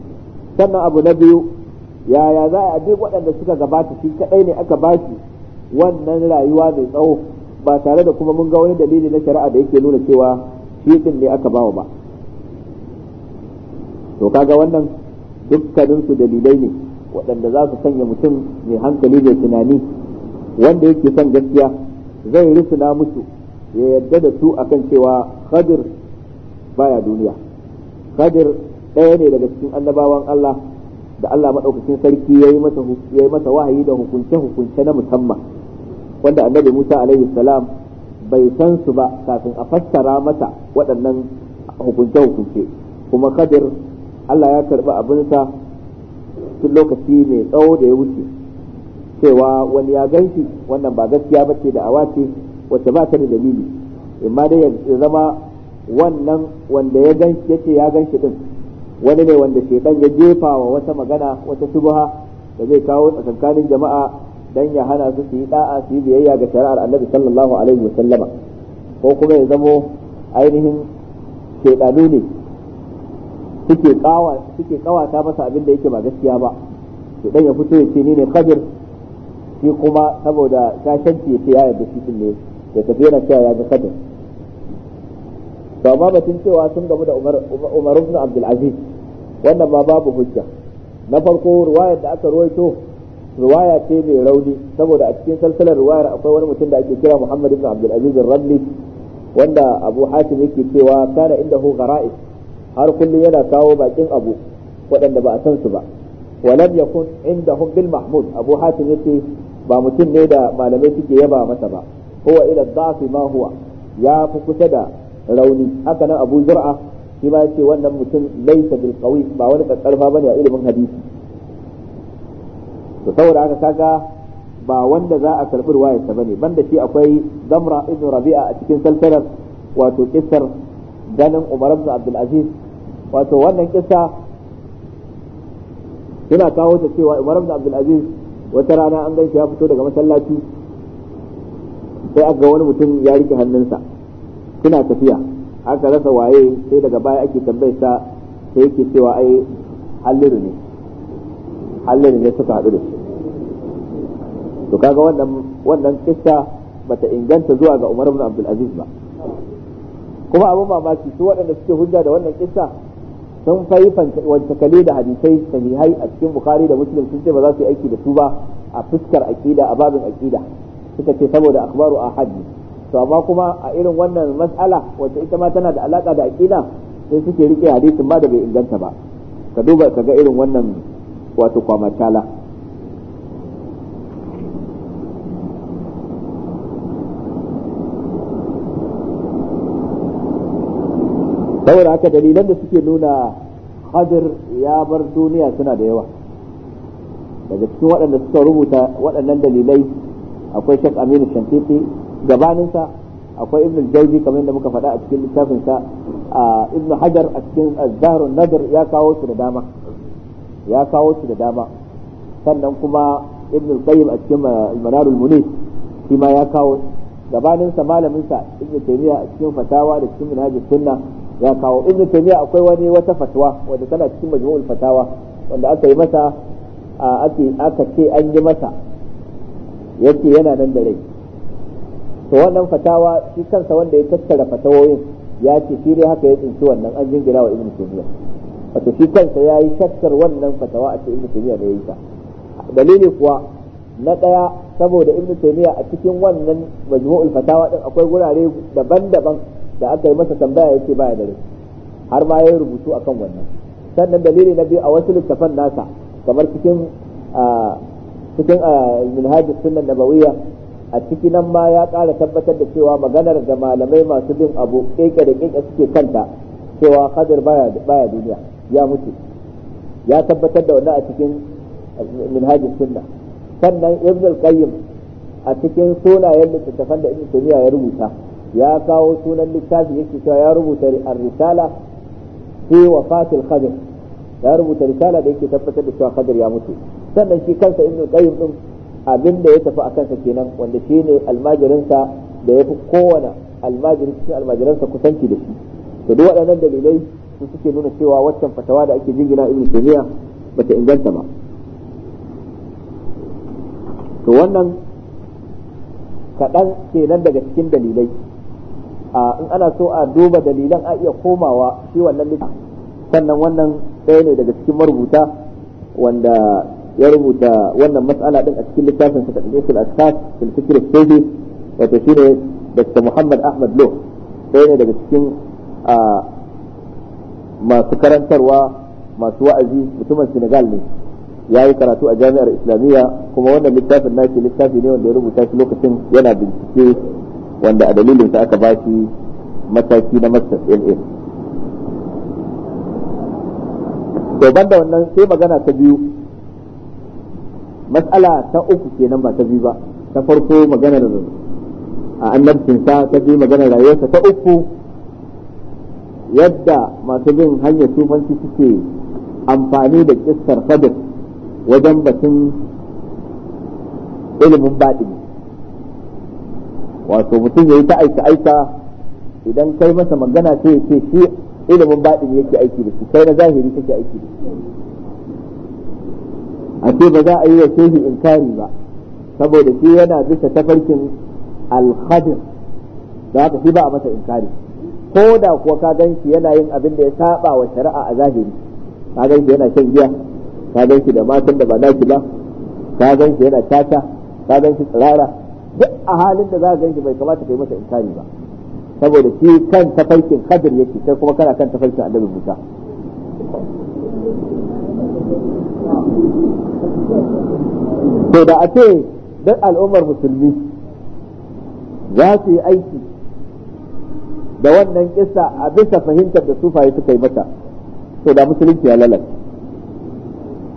Speaker 2: sannan abu na biyu yaya za a duk waɗanda suka gabata shi kaɗai ne aka ba shi wannan rayuwa mai tsawo ba tare da kuma mun ga wani dalili na shari'a da yake nuna cewa shi din ne aka bawa ba to kaga wannan dukkaninsu dalilai ne waɗanda za su sanya mutum mai hankali mai tunani wanda yake son gaskiya zai rusuna musu ya yadda da su akan cewa khadir baya duniya khadir ɗaya ne daga cikin annabawan Allah da Allah maɗaukacin sarki ya yi masa wahayi da hukunce-hukunce na musamman wanda annabi Musa alaihi salam bai san su ba kafin a fassara mata waɗannan hukunce-hukunce kuma khadir Allah ya karɓi abinsa tun lokaci mai tsawo da ya wuce cewa wani ya ganshi wannan ba gaskiya ba ce da awa ce wacce ba ta da dalili amma dai ya zama wannan wanda ya ganshi yace ya ganshi din wani ne wanda shedan ya jefa wa wata magana wata shubha da zai kawo tsakankanin jama'a dan ya hana su su yi da'a su yi biyayya ga shari'ar Annabi sallallahu alaihi wasallama ko kuma ya zamo ainihin shedanu ne suke kawata masa abin da yake ba gaskiya ba shedan ya fito ya ce ni ne kabir shi kuma saboda shashanci ce ya yarda shi ne ya tafi yana cewa ya ga kadar to amma batun cewa sun gamu da Umar ibn Abdul Aziz wannan ma babu hujja na farko ruwayar da aka ruwaito ruwaya ce mai rauni saboda a cikin salsalar ruwayar akwai wani mutum da ake kira Muhammad ibn Abdul Aziz ar wanda Abu Hatim yake cewa kana indahu gara'is har kullu yana kawo bakin abu waɗanda ba a san su ba ولم يكن عندهم بالمحمود أبو حاتم يتي ba mutum ne da malamai suke yaba masa ba huwa ila dhafi ma huwa ya fi kusa da rauni haka nan abu zur'a shi ma yace wannan mutum laysa bil qawi ba wani kakkarfa bane a ilimin hadisi to saboda haka kaga ba wanda za a karbi ruwayarsa bane banda shi akwai zamra ibn rabi'a a cikin salsalar wato kissar ganin umar ibn abdul aziz wato wannan kissa yana kawo ta cewa umar ibn abdul aziz wata rana an gan ya fito daga masallaci sai aka wani mutum ya rike hannunsa suna tafiya aka rasa waye sai daga baya ake tambayar sa sai yake cewa ai halliru ne halliru ne suka haɗu da shi to kaga wannan wannan kissa bata inganta zuwa ga Umar ibn Abdul Aziz ba kuma abun mamaki su waɗanda suke hujja da wannan kissa sun fayi wanta kale da hadisai sahihai a cikin bukhari da muslim sun ce ba za su yi aiki da su ba a fuskar aqida a babin aqida suka ce saboda akhbaru ahad to amma kuma a irin wannan mas'ala wacce ita ma tana da alaka da aqida sai suke rike hadisin ba da bai inganta ba ka duba ka ga irin wannan wato kwamatala saboda haka dalilan da suke nuna hadir ya bar duniya suna da yawa daga cikin waɗanda suka rubuta waɗannan dalilai akwai shek aminu shankifi gabaninsa akwai ibn jauzi kamar da muka faɗa a cikin littafinsa a ibn hajar a cikin zahrun nadar ya kawo su da dama ya kawo su da dama sannan kuma ibn qayyim a cikin manarul munis shi ma ya kawo gabaninsa malaminsa ibn taymiya a cikin fatawa da cikin minhajus sunna ya kawo ibnu taymiya akwai wani wata fatwa wanda tana cikin majmu'ul fatawa wanda aka yi masa ake aka ce an yi masa yake yana nan da rai to wannan fatawa shi kansa wanda ya tattara fatawoyin ya ce shi ne haka ya tsinci wannan an jingira wa ibn taymiya wato shi kansa ya yi shakkar wannan fatawa a ce ibn taymiya da yayi ta dalili kuwa na daya saboda ibn taymiya a cikin wannan majmu'ul fatawa din akwai gurare daban-daban da aka yi masa tambaya yace baya da rai har ma yayin rubutu akan wannan sannan dalili na biyu a wasu littafan nasa kamar cikin cikin minhajus sunan nabawiyya a ciki nan ma ya ƙara tabbatar da cewa maganar da malamai masu bin abu keke da keke suke kanta cewa hadir baya baya duniya ya mutu ya tabbatar da wannan a cikin minhajus sunna sannan ibn al-qayyim a cikin sunayen littattafan da ibn taymiya ya rubuta ya kawo sunan littafi yake cewa ya rubuta ar-risala fi wafatil khadir ya rubuta risala da yake tabbatar da cewa khadir ya mutu sannan shi kansa ibnu qayyim din abin da ya tafi a kansa kenan wanda shine almajirinsa da ya fi kowane almajirin cikin almajiransa kusanci da shi to duk waɗannan dalilai su suke nuna cewa waccan fatawa da ake jingina ibnu taymiya bata inganta ba to wannan kaɗan kenan daga cikin dalilai in ana so a duba dalilan a iya komawa shi wannan littafin sannan wannan ɗaya ne daga cikin marubuta wanda ya rubuta wannan matsala ɗin a cikin littafin sa kadai su asfas fil wato shine Dr. Muhammad Ahmad Lo ɗaya ne daga cikin masu karantarwa masu wa'azi mutumin Senegal ne ya yi karatu a jami'ar islamiyya kuma wannan littafin nashi littafi ne wanda ya rubuta shi lokacin yana bincike wanda a dalilin sa aka bashi mataki na masters MA to banda wannan sai magana ta biyu mas'ala ta uku kenan ba ta biyu ba ta farko maganar a annabcinsa ta biyu maganar rayuwarsa ta uku yadda masu bin hanyar tufanci suke amfani da kistar fadar wajen batun ilimin baɗini wato mutum ya yi ta aika aika idan kai masa magana sai ya ce shi ilimin baɗin yake aiki da shi kai na zahiri kake aiki da shi a ce ba za a yi wa shehi inkari ba saboda shi yana bisa tafarkin alhadin da haka shi ba a masa inkari ko da kuwa ka gan shi yana yin abin da ya saba wa shari'a a zahiri ka gan shi yana shan giya ka gan shi da matan da ba naki ba ka gan shi yana tata ka gan shi tsirara duk a halin da za ka shi bai kamata ka yi masa inkari ba saboda shi kan tafarkin kadir yake kai kuma kana kan tafarkin annabi Musa to da a ce duk al'ummar musulmi za su yi aiki da wannan kisa a bisa fahimtar da sufaye suka yi mata to da musulunci ya lalace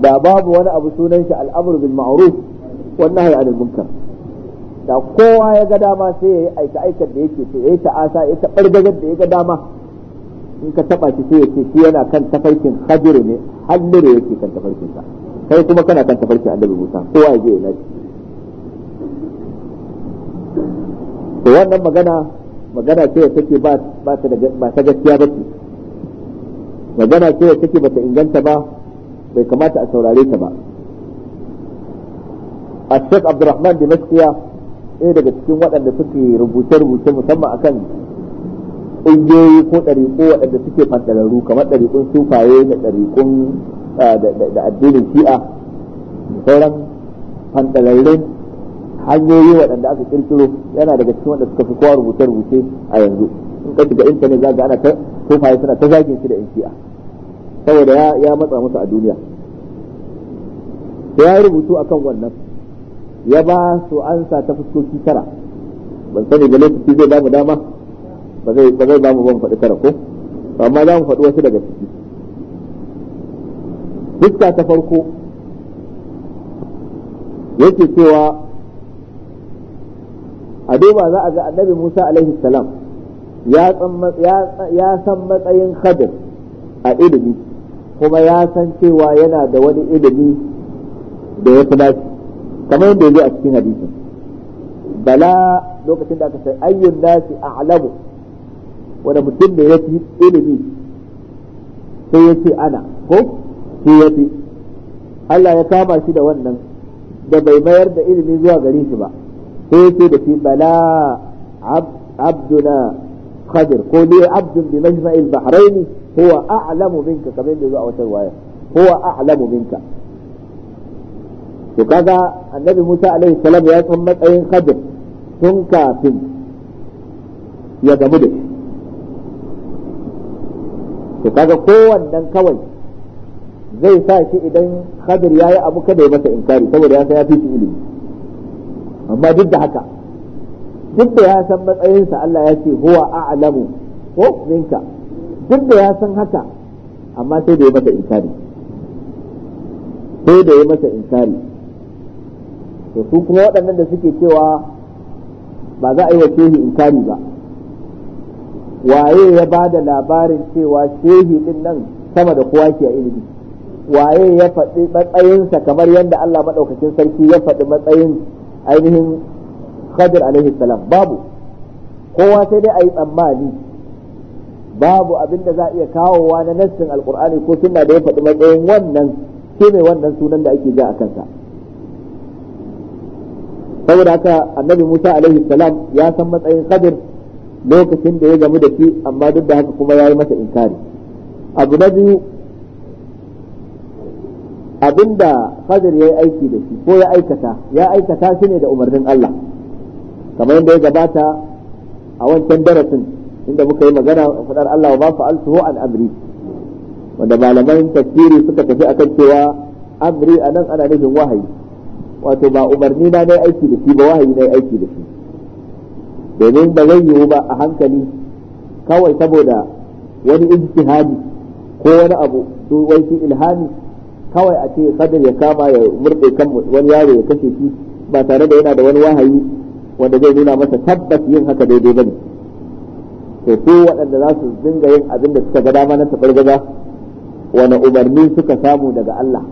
Speaker 2: da babu wani abu sunan shi al'amur bil ma'ruf wannan hayya anil munkar da kowa ya ga dama sai ya yi aika aikar da yake so ya yi ta'asa ya ta ɓargagar da ya ga dama in ka taɓa shi sai ya ce shi yana kan tafarkin hajjiro ne halliro yake kan tafarkin sa kai kuma kana kan tafarkin annabi musa kowa ya je ya lafi to wannan magana magana ce take ba ba ta ba ta gaskiya ba ce magana ce take ba ta inganta ba bai kamata a saurare ta ba الشيخ عبد الرحمن دمشقية ɗaya daga cikin waɗanda suke rubuce-rubuce musamman akan ƙungiyoyi ko ɗariƙo waɗanda suke fantararru kamar ɗariƙun sufaye da ɗariƙun ah, da addinin shi'a da sauran fantararrun hanyoyi waɗanda aka ƙirƙiro yana daga cikin waɗanda suka fi kowa rubuce-rubuce a yanzu in ka shiga intanet za ga ana ta sufaye suna ta zagin shi da yan shi'a saboda ya matsa musu a duniya ya rubutu akan wannan ya ba su ansa ta fuskoki tara ban sani ba lokaci zai ba mu dama ba zai ba zai ba mu ban faɗi tara ko amma za mu faɗi wasu daga ciki fuska ta farko yake cewa a duba za a ga annabi Musa alaihi salam ya san matsayin khadir a ilimi kuma ya san cewa yana da wani ilimi da ya fi kamar yadda yazo a cikin hadisin bala lokacin da aka sai ayyun nasi a'lamu wanda mutum ne yafi ilimi sai yace ana ko shi yafi Allah ya kama shi da wannan da bai mayar da ilimi zuwa gare shi ba sai yace da shi bala abduna khadir ko li abdun bi majma'il bahraini huwa a'lamu minka kamar yadda yazo a wata riwaya huwa a'lamu minka to kaga annabi Musa alaihi salam ya san matsayin Khadir tun kafin ya gamu da shi to kaga kowannan kawai zai sa shi idan Khadir yayi abu kada ya masa inkari saboda ya san ya fi shi ilimi amma duk da haka duk da ya san matsayinsa Allah ya ce huwa a'lamu ko minka duk da ya san haka amma sai da ya masa inkari sai da ya masa inkari to su kuma waɗannan da suke cewa ba za a yi wa shehi inkari ba waye ya ba da labarin cewa shehi din nan sama da kowa ke a ilimi waye ya faɗi matsayinsa kamar yadda Allah maɗaukacin sarki ya faɗi matsayin ainihin Khadir alaihi salam babu kowa sai dai a yi tsammani babu abin da za a iya kawowa na nassin alkur'ani ko sunna da ya faɗi matsayin wannan shi ne wannan sunan da ake ja a kansa saboda haka annabi Musa alaihi salam ya san matsayin Khadir lokacin da ya gamu da shi amma duk da haka kuma ya yi masa inkari abu na biyu abinda Khadir ya yi aiki da shi ko ya aikata ya aikata shi ne da umarnin Allah kamar yadda ya gabata a wancan darasin inda muka yi magana a faɗar Allah wa ba fa'altuhu an amri wanda malaman tafsiri suka tafi akan cewa amri nan ana nufin wahayi wato ba umarni na na aiki da shi ba wahayi na aiki da shi domin ba zai yiwu ba a hankali kawai saboda wani ijtihadi ko wani abu to wai shi ilhami kawai a ce kadar ya kama ya murɗe kan wani yaro ya kashe shi ba tare da yana da wani wahayi wanda zai nuna masa tabbas yin haka daidai bane to su waɗanda za su dinga yin abin da suka ga dama na tabar gaza wani umarni suka samu daga Allah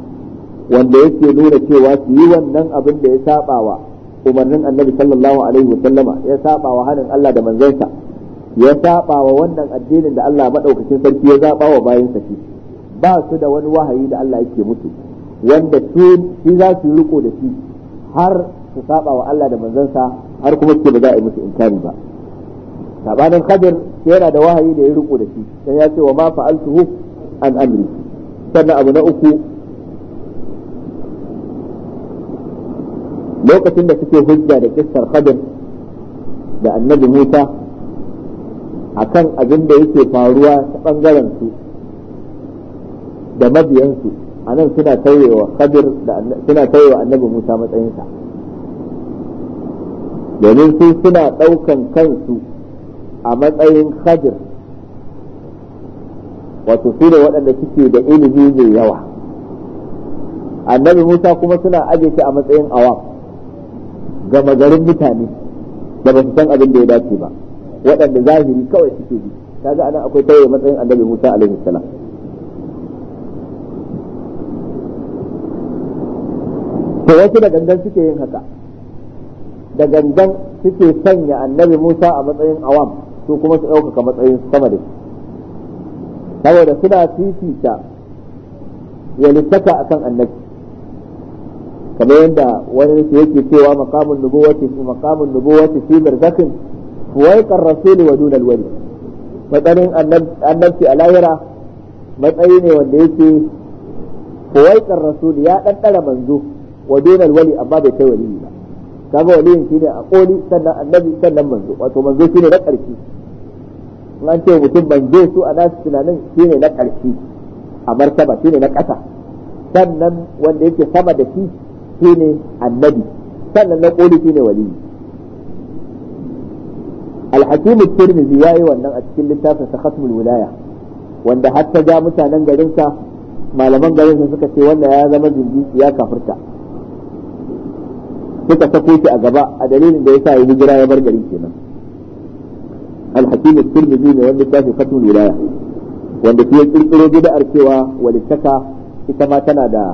Speaker 2: wanda yake nuna cewa su yi wannan abin da ya saba wa umarnin annabi sallallahu alaihi wa sallama ya saba wa hanin Allah da manzansa ya saba wa wannan addinin da Allah maɗaukacin sarki ya zaba wa bayansa shi ba su da wani wahayi da Allah yake mutu wanda su shi za su riko da shi har su saba wa Allah da manzansa har kuma ce ba za a yi musu inkari ba sabanin khadir yana da wahayi da ya riko da shi dan ya ce wa ma fa'altuhu an amri sannan abu na uku lokacin da suke hujja da kissar khadir da annabi Musa akan abin da yake faruwa ta bangaren su da mabiyansu a nan suna tauyewa khadir da suna tauyewa annabi Musa matsayinsa domin su suna ɗaukan kansu a matsayin khadir wato su ne waɗanda suke da ilimi mai yawa annabi Musa kuma suna aje shi a matsayin awam gama garin mutane da ba su san abin da ya dace ba waɗanda zahiri kawai suke bi kaga anan akwai tawaye matsayin annabi Musa alaihi salam to wasu da gangan suke yin haka da gangan suke sanya annabi Musa a matsayin awam su kuma su ɗaukaka matsayin sama da shi saboda suna fifita yalittaka akan annabi kamar yadda wani yake cewa maqamun nubuwati makamun nubuwati fi barzakin fuwaiqar rasul wa dun alwali matsayin annabci a lahira matsayi ne wanda yake fuwaiqar rasul ya daddara manzo wa dun alwali amma bai kai wali ba kaga waliyin shine a koli sannan annabi sannan manzo wato manzo shine na karshe an ce mutum manzo su a nasu tunanin shine na karshe a martaba shine na kasa sannan wanda yake sama da shi shine annabi sannan na koli shine wali al-hakim at-tirmidhi yayi wannan a cikin littafin sa khatmul wilaya wanda har ta ga mutanen garin sa malaman garin sa suka ce wannan ya zama zindiki ya kafirta suka sako shi a gaba a dalilin da yasa ya hijira ya bar garin kenan al-hakim at-tirmidhi ne wanda fi khatmul wilaya wanda shi ya kirkiro bid'ar cewa walittaka ita ma tana da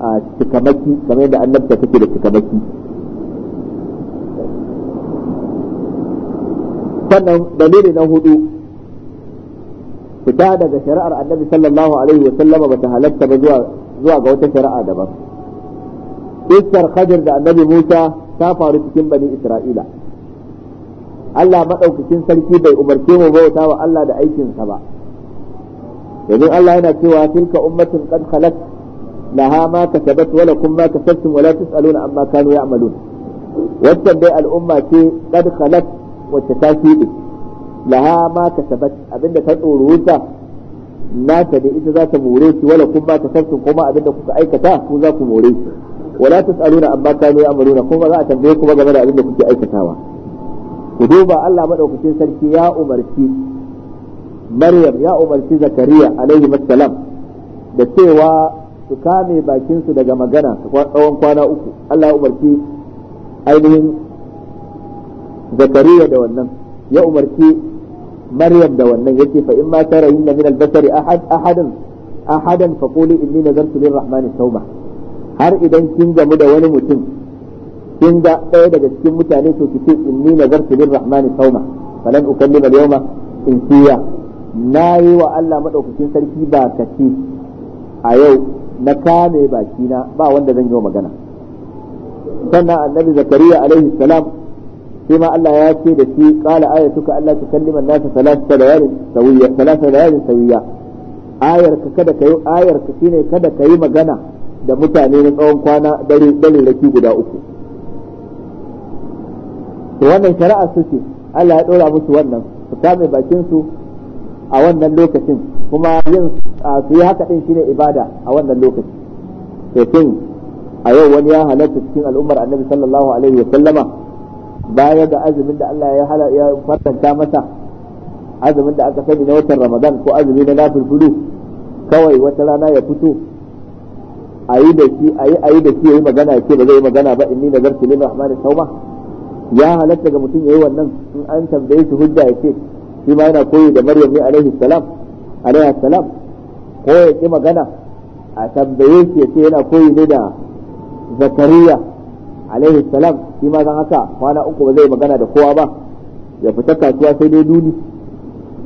Speaker 2: a cikamaki kamar yadda annabta take da cikamaki sannan dalili na hudu fita daga shari'ar annabi sallallahu alaihi wa sallama bata halatta ba zuwa ga wata shari'a daban iskar khajar da annabi Musa ta faru cikin bani Isra'ila Allah maɗaukacin sarki bai umarce mu bauta wa Allah da aikinsa ba domin Allah yana cewa tilka ummatin qad laha kasabat wa lakum ma kasabtum wa la tusaluna amma kanu wannan dai al'umma ce qad khalat wacce ta fiɗe laha kasabat abinda ta tsoruta nata da ita za ta more shi wala kun ba kuma abinda kuka aikata ku za ku more shi wala tusaluna amma kanu ya'maluna kuma za a tambaye ku game da abinda kuke aikatawa ku duba Allah madaukakin sarki ya umarci Maryam ya umarci Zakariya alaihi salam da cewa su kame bakinsu daga magana tsawon kwana uku Allah ya umarci ainihin zakariya da wannan ya umarci maryam da wannan yake fa in ma tara yinna min al-basari ahad ahadan ahadan fa quli inni nazartu lir-rahmani har idan kin gamu da wani mutum kin ga ɗaya daga cikin mutane to ki ce inni nazartu lir-rahmani sawma falan ukallima al-yawma insiya na yi wa Allah madaukakin sarki ba kace a yau na kame bakina ba wanda zan yi magana sannan annabi zakariya alaihi salam sai ma Allah ya ce da shi qala ka Allah ta kallima nasa thalatha layalin sawiyya da layalin ayar ka kada kai ayar ka shine kada kai magana da mutane na tsawon kwana dare dare laki guda uku to wannan shari'a suke Allah ya dora musu wannan su kame bakin su a wannan lokacin kuma yin su yi haka din shine ibada a wannan lokaci to a yau wani ya halatta cikin al'ummar annabi sallallahu alaihi wa sallama baya ga azumin da Allah ya hala masa azumin da aka sani na watan Ramadan ko azumi na nafilfulu kawai wata rana ya fito a yi da shi a yi a yi da shi yayi magana ya ce ba zai yi magana ba inni nazartu lil rahmani sawma ya halatta ga mutum yi wannan in an tambaye shi hujja ya ce shi ma yana koyi da maryam ne alaihi salam alaihi salam ko ya ki magana a tambaye shi yace yana koyi ne da zakariya alaihi salam shi ma zan haka kwana uku ba zai magana da kowa ba ya fita kasuwa sai dai duni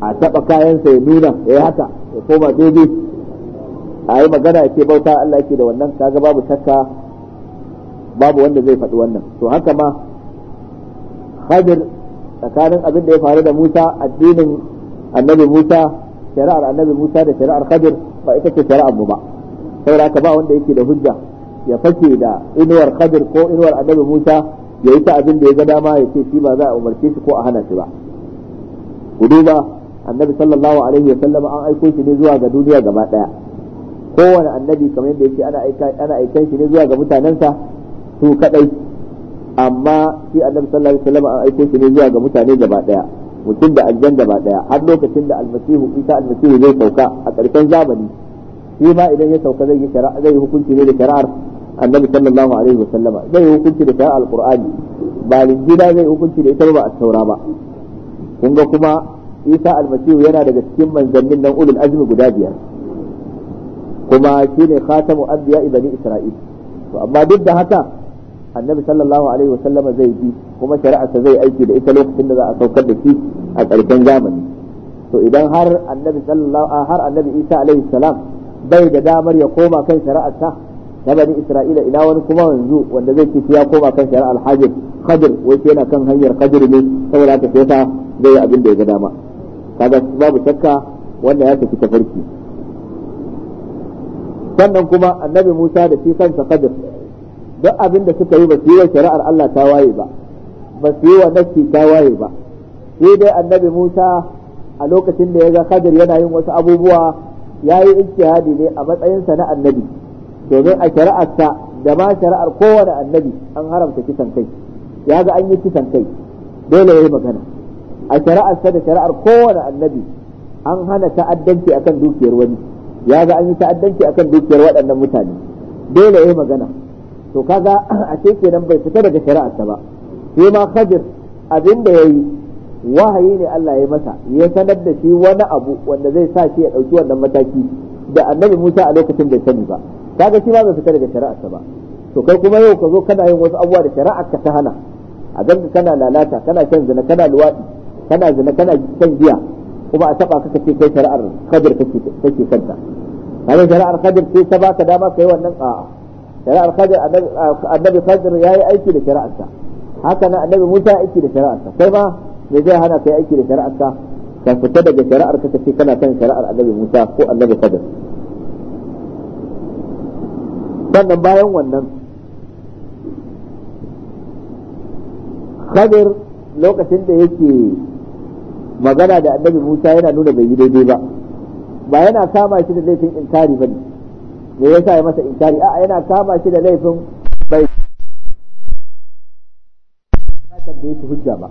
Speaker 2: a taba kayansa ya nuna ya yi haka ya koma daidai a yi magana ya ce bauta Allah yake da wannan kaga babu shakka babu wanda zai faɗi wannan to haka ma hadir tsakanin abin da ya faru da Musa addinin annabi Musa shari'ar annabi Musa da shari'ar Khadir ba ita ce shari'ar mu ba saboda haka ba wanda yake da hujja ya fake da inuwar Khadir ko inuwar annabi Musa ya yi ta abin da ya ga dama ya ce shi ba za a umarce shi ko a hana shi ba ku duba annabi sallallahu alaihi wa sallam an aiko shi ne zuwa ga duniya gaba daya kowane annabi kamar yadda yake ana aika ana aikan shi ne zuwa ga mutanensa su kadai amma shi annabi sallallahu alaihi wasallam an aiko shi ne zuwa ga mutane gaba daya mutum da aljan gaba daya har lokacin da almasihu isa almasihu zai sauka a ƙarshen zamani shi ma idan ya sauka zai yi zai yi hukunci ne da shari'ar annabi sallallahu alaihi wasallam zai yi hukunci da shari'ar alqur'ani ba linjila zai yi hukunci da ita ba a saura ba kun ga kuma isa almasihu yana daga cikin manzannin nan ulul azmi guda biyar kuma shine khatamu anbiya'i bani isra'il to amma duk da haka annabi sallallahu alaihi wasallam zai bi kuma shari'arsa zai aiki da ita lokacin da za a saukar da shi a ƙarshen zamani to idan har annabi sallallahu har annabi Isa alaihi salam bai da damar ya koma kan shari'arsa ta bani Isra'ila ina wani kuma yanzu wanda zai ce ya koma kan shari'ar Hajir Khadir wai yana kan hanyar Khadir ne saboda haka sai zai yi abin da ya ga dama kaga babu shakka wanda ya tafi tafarki sannan kuma annabi Musa da shi kansa Khadir duk abin da suka yi ba su yi wa shari'ar Allah ta waye ba ba su yi wa nafsi ta waye ba sai dai annabi Musa a lokacin da ya ga Khadir yana yin wasu abubuwa ya yi ijtihadi ne a matsayinsa na annabi domin a shari'arsa da ma shari'ar kowane annabi an haramta kisan kai ya ga an yi kisan kai dole ya yi magana a shari'arsa da shari'ar kowane annabi an hana ta'addanci akan dukiyar wani ya ga an yi ta'addanci akan dukiyar waɗannan mutane dole ya yi magana to kaga a ce kenan bai fita daga shari'ar ta ba sai ma Khadir abin da yayi wahayi ne Allah ya yi masa ya sanar da shi wani abu wanda zai sa shi ya dauki wannan mataki da Annabi Musa a lokacin bai sani ba kaga shi ma bai fita daga shari'ar ta ba to kai kuma yau ka zo kana yin wasu abubuwa da shari'ar ka ta hana a ganka kana lalata kana shan zina kana luwadi kana zina kana shan giya kuma a saba ka kace kai shari'ar Khadir kake kake kanta kana shari'ar Khadir sai ta baka dama kai wannan a'a shari'ar khadir annabi ya yayi aiki da shari'arsa haka nan annabi musa aiki da shari'arsa kai ma me zai hana kai aiki da shari'arsa ka fita daga shari'ar ka kace kana kan shari'ar annabi musa ko annabi khadir sannan bayan wannan khadir lokacin da yake magana da annabi musa yana nuna bai yi daidai ba ba yana kama shi da laifin inkari ba ne me yasa ya masa inkari a'a yana kama shi da laifin bai ya tambaye shi hujja ba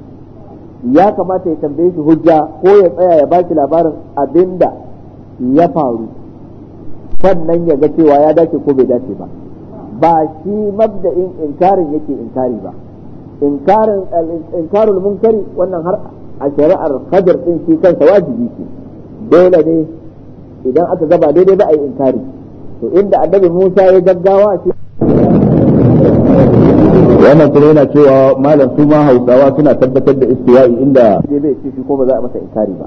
Speaker 2: ya kamata ya tambaye shi hujja ko ya tsaya ya baki labarin abinda ya faru sannan ya ga cewa ya dace ko bai dace ba ba shi mabda'in inkarin yake inkari ba inkarin inkarul munkari wannan har a shari'ar qadar din shi kansa wajibi ce dole ne idan aka gaba daidai ba a yi inkari to inda annabi Musa ya gaggawa shi wannan kuma yana cewa malam su ma hausawa suna tabbatar da istiwa'i inda zai bai shi ko ba za a masa inkari ba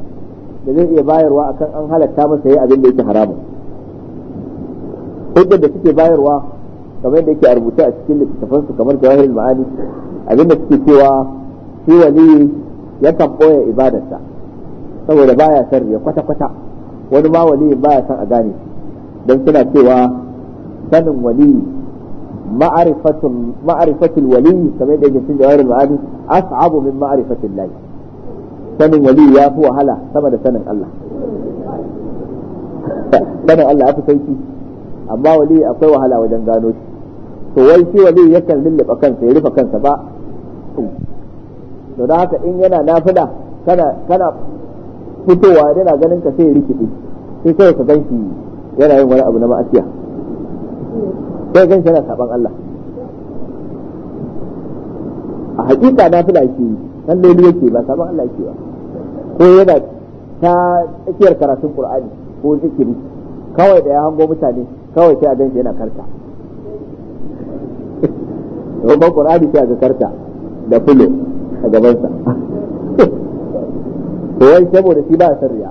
Speaker 2: da zai iya bayarwa akan an halatta masa yayi abin da yake haramun ko da suke bayarwa kamar da yake a rubuce a cikin littattafan su kamar jawahirul ma'ani abin da suke cewa shi ya yakan boye ibadarsa saboda baya sarri kwata kwata wani ma wali baya san a gane shi don suna cewa sanin wali ma'arifatul wali kamar da yake cikin jawahirul ma'ani as'abu min ma'arifatul lahi sanin wali ya fi wahala sama da sanin Allah sanin Allah ya fi sauki amma wali akwai wahala wajen gano shi to wai shi wali yakan lullaba kansa ya rufe kansa ba to da haka in yana nafila kana kana fitowa yana ganin ka sai ya rikide sai kai ka ganki. yana yin wani abu na ma'asiya sai gan yana saban Allah a hakika na fi yake yi salloli yake ba saban Allah yake ba ko yana ta tsakiyar karatun Qur'ani ko zikiri kawai da ya hango mutane kawai sai a gan yana karta roban Qur'ani sai a ga karta da fulo a gabansa to wai saboda shi ba sarriya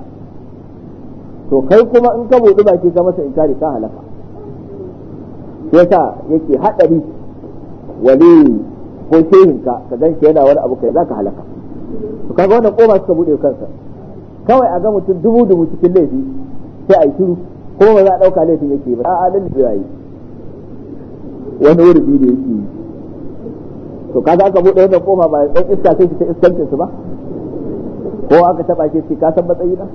Speaker 2: to kai kuma in ka buɗi baki ka masa inkari ka halaka yasa yake haɗari wali ko shehinka ka gan shi yana wani abu kai za ka halaka to kaga wannan koma suka buɗe kansa kawai a ga mutum dubu dubu cikin laifi sai a yi shiru ko ba za a ɗauka laifin yake ba a'a lalle yayi wani wuri da yake yi to kaga aka buɗe wannan koma ba ɗan iska sai ta iskancin su ba ko aka taɓa ke ce ka san matsayi na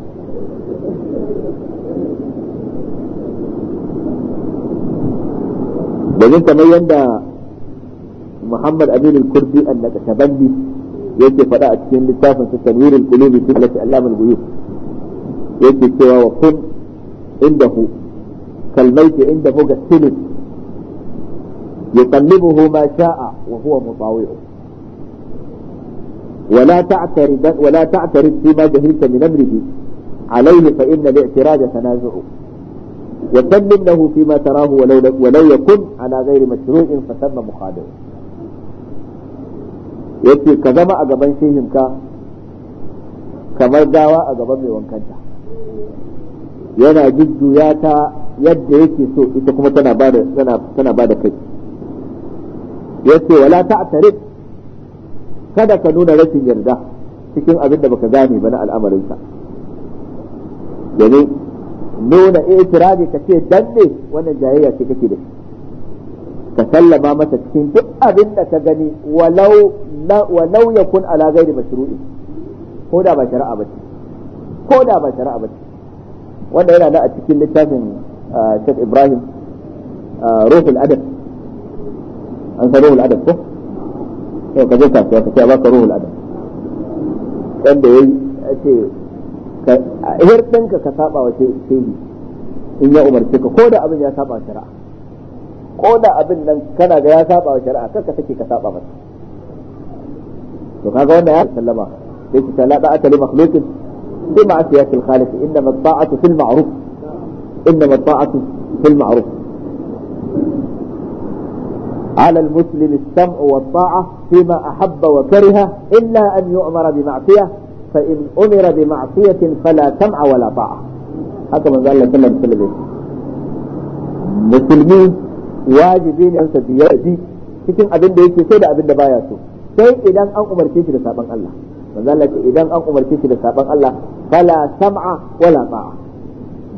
Speaker 2: domin kamar yadda muhammad amin kurdi an daga shabandi yake faɗa a cikin littafin sa tanwirul qulubi fi lati allamul ghuyub yake cewa wa kun indahu kalmaiti indahu gasilin يقلبه ما شاء وهو مطاوع ولا تعترض ولا تعترض فيما جهلت من امره عليه فان الاعتراض تنازعه وسلم له فيما تراه ولو ولو يكن على غير مشروع فثم مخادع yace ka zama a gaban shehinka kamar dawa a gaban mai wankanta yana jujjuya ta yadda yake so ita kuma tana bada tana tana bada kai yace wala ta'tarif kada ka nuna rashin yarda cikin abin da baka gane ba na al'amarinsa nuna itirazi ka ce dan ne wannan jayayya ce kake da shi ka sallama masa cikin duk abin da ka gani walau walau yakun ala ghairi mashru'i ko da ba shari'a ba ce ko da ba shari'a ba ce wanda yana da a cikin littafin Sheikh Ibrahim Ruhul Adab an san Ruhul Adab ko yau ka je kasuwa ka ce ba ka Ruhul Adab wanda yayi ce hir ɗinka ka saba wa shehi in ya umarce ka ko da abin ya saba shari'a ko da abin nan kana ga ya saba wa shari'a kanka take ka saba masa to kaga wannan ya sallama sai ki tala da akali makhluqin bi ma'siyatil khaliq inna mata'atu fil ma'ruf inna mata'atu fil ma'ruf على المسلم السمع والطاعة فيما أحب وكره إلا أن يؤمر بمعصية فإن أمر بمعصية فلا سمع ولا طاعة haka manzo Allah sallallahu alaihi wasallam musulmi wajibi ne cikin abin da yake so da abin da baya so sai idan an umarce shi da saban Allah manzo Allah ce idan an umarce shi da saban Allah fala sam'a wala ta'a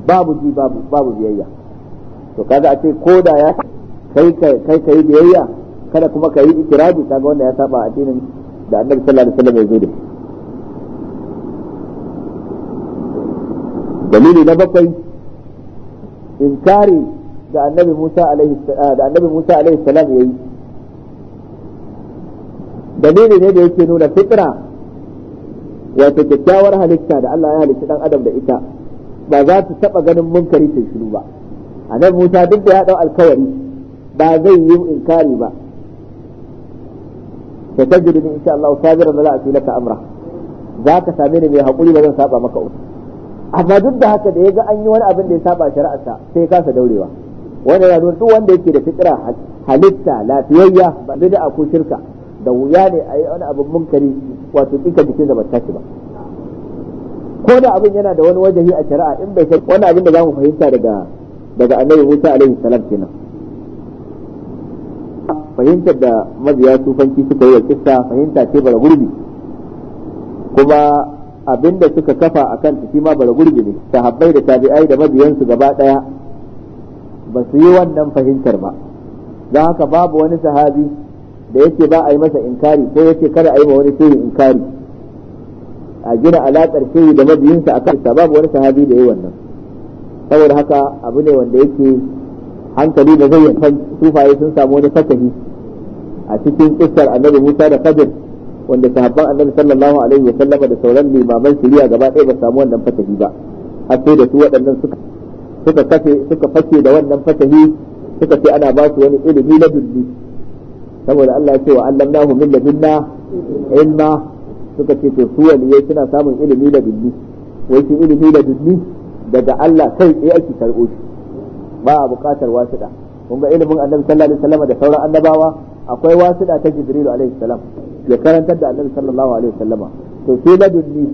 Speaker 2: babu ji babu babu biyayya to kaga a ce ko da ya kai kai kai biyayya kada kuma kai ikirabi kaga wanda ya saba addinin da Annabi sallallahu alaihi wasallam ya zo da dalili na bakwai inkari da annabi Musa alaihi ah, da annabi Musa alaihi salam yayi dalili ne da yake nuna fitra wato kyakkyawar halitta da Allah ya halicci dan adam da ita ba za ta taba ganin munkari ta shiru ba annabi Musa duk da ya dau alkawari ba zai yi inkari ba ta tajiri insha Allah sabiran la ati laka amra za ka same ni mai hakuri ba zan saba maka uku amma duk da haka da ya ga an yi wani abin da ya saba shari'arsa sai ya kasa daurewa wanda yana zo duk wanda yake da fikira halitta lafiyayya ba bid'a ko shirka da wuya ne a yi wani abin munkari wato tsika jikin da ba tashi ba ko da abin yana da wani wajahi a shari'a in bai sai wani abin da za mu fahimta daga daga annabi Musa alaihi salam kenan fahimtar da mabiya sufanci suka yi wa kissa fahimta ce bara gurbi kuma abinda suka kafa akan kan shi ma bara gurbi ne sahabbai da tabi'ai da mabiyansu gaba daya ba su yi wannan fahimtar ba za haka babu wani sahabi da yake ba a yi masa inkari ko yake kada a yi wa wani shehi inkari a gina alaƙar shehi da mabiyinsa a kansa babu wani sahabi da yi wannan saboda haka abu ne wanda yake hankali da zai yi sufaye sun samu wani fatahi a cikin kissar annabi musa da kabir wanda sahabban annabi sallallahu alaihi wa sallama da sauran limaman shari'a gaba ɗaya ba samu wannan fatahi ba har sai da su waɗannan suka suka kafe suka fashe da wannan fatahi suka ce ana ba su wani ilimi na dulli saboda Allah ya ce wa allamnahu min ladunna ilma suka ce to su wani yayi suna samun ilimi da dulli wai shi ilimi da dulli daga Allah kai sai ake karɓo shi ba a buƙatar da kun ga ilimin annabi sallallahu alaihi wa sallama da sauran annabawa akwai wasiɗa ta jibrilu alaihi salam ya karantar da annabi sallallahu alaihi wasallama to sai ladunni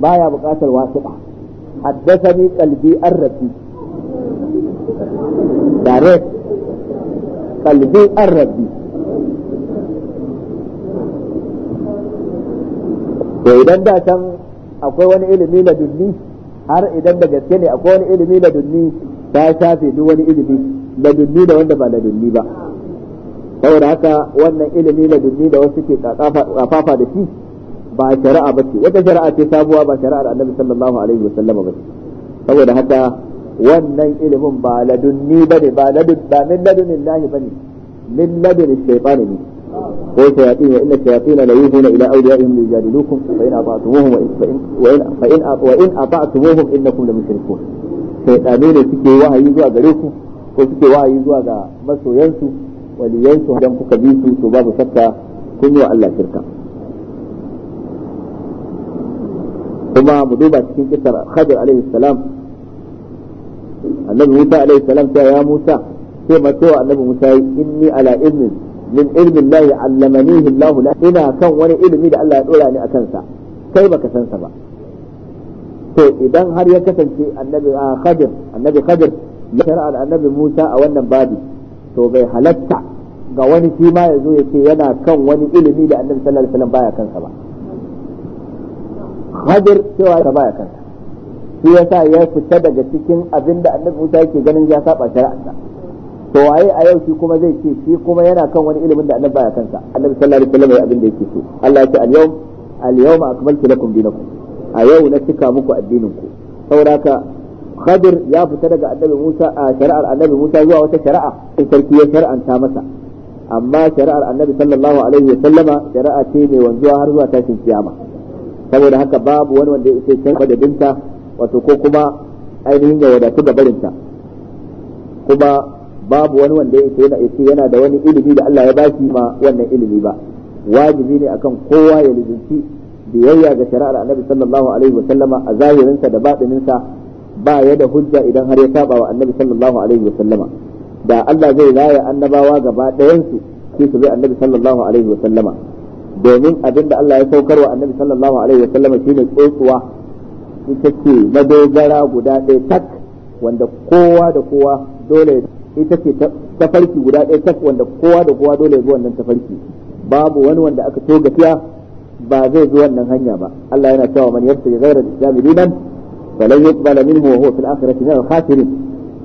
Speaker 2: baya buƙatar wasiɗa haddathani qalbi arrafi direct qalbi arrafi to idan da can akwai wani ilimi ladunni har idan da gaske ne akwai wani ilimi ladunni ta shafe duk wani ilimi ladunni da wanda ba dunni ba saboda haka wannan ilimi na dunni da wasu ke kafafa da shi ba shari'a ba ce wata shari'a ce sabuwa ba shari'ar annabi sallallahu alaihi wa sallama ba saboda haka wannan ilimin ba ladunni ba ne ba ladun ba min ladunin lahi ba ne min ladun shaytani ne ko shayatin ya inna shayatin la yuhuna ila awliyaihim yujadilukum fa in ata'tumuhum wa in fa in wa in ata'tumuhum innakum la mushrikun ne suke wahayi zuwa gare ku ko suke wahayi zuwa ga masoyansu waliyai su dan kuka bi su to babu shakka kun yi wa Allah shirka kuma mu duba cikin kisar Khadir alaihi salam annabi Musa alaihi salam ta ya Musa sai ma cewa annabi Musa inni ala ilmin min ilmin Allah allamanihi Allah ina kan wani ilimi da Allah ya dora ni akan sa kai baka san sa ba to idan har ya kasance annabi Khadir annabi Khadir ya shara annabi Musa a wannan babi to bai halatta ga wani shi ma ya zo ya ce yana kan wani ilimi da annabi sallallahu alaihi wasallam baya kansa ba hadir cewa ta baya kansa shi yasa ya fita daga cikin abin da annabi Musa yake ganin ya saba shari'a to waye a yau shi kuma zai ce shi kuma yana kan wani ilimin da annabi baya kansa annabi sallallahu alaihi wasallam ya abin da yake so Allah ya ce al-yawm al-yawma akmaltu lakum dinakum a yau na cika muku addinin ku saboda khadir ya fita daga annabi Musa a shari'ar annabi Musa zuwa wata shari'a sai sarki ya shari'anta masa amma shari'ar annabi sallallahu alaihi wa sallama shari'a ce mai wanzuwa har zuwa tashin kiyama saboda haka babu wani wanda ya ce shari'a da binta wato ko kuma ainihin ya wadatu da barinta kuma babu wani wanda ya yana yana da wani ilimi da Allah ya bashi ma wannan ilimi ba wajibi ne akan kowa ya lizinci biyayya ga shari'ar annabi sallallahu alaihi wa sallama a zahirinsa da batininsa ba ya da hujja idan har ya saba wa annabi sallallahu alaihi wa sallama da Allah zai raya annabawa gaba ɗayan su sai su bi annabi sallallahu alaihi wa sallama domin abin da Allah ya saukar wa annabi sallallahu alaihi wa sallama shine tsotsuwa ita ce madogara guda ɗaya tak wanda kowa da kowa dole ita ce tafarki guda ɗaya tak wanda kowa da kowa dole ya bi wannan tafarki babu wani wanda aka to gafiya ba zai zo wannan hanya ba Allah yana cewa man yarsa ya gaira islami dinan falan yuqbala minhu wa huwa fil akhirati min al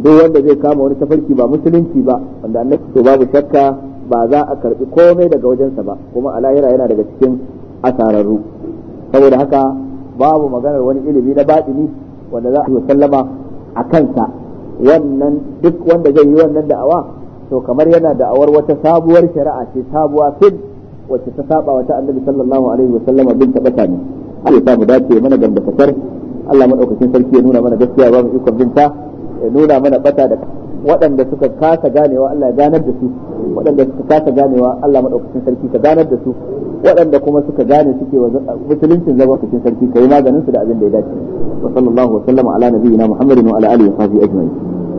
Speaker 2: duk wanda zai kama wani tafarki ba musulunci ba wanda annabi to babu shakka ba za a karbi komai daga wajensa ba kuma a lahira yana daga cikin asararru saboda haka babu maganar wani ilimi na batini wanda za a sallama a kansa wannan duk wanda zai yi wannan da'awa to kamar yana da'awar wata sabuwar shari'a ce sabuwa fil wacce ta saba wata annabi sallallahu alaihi wa sallama bin tabbata ne Allah ya samu dace mana gambatar Allah madaukakin sarki ya nuna mana gaskiya ba mu ikon binta ya nuna mana bata da waɗanda suka kasa ganewa Allah ya ganar da su waɗanda suka kasa ganewa Allah madaukakin sarki ka ganar da su waɗanda kuma suka gane suke wa musuluncin zama cikin sarki kai maganin su da abin da ya dace wa sallallahu wa sallama ala nabiyyina muhammadin wa ala alihi wa sahbihi ajma'in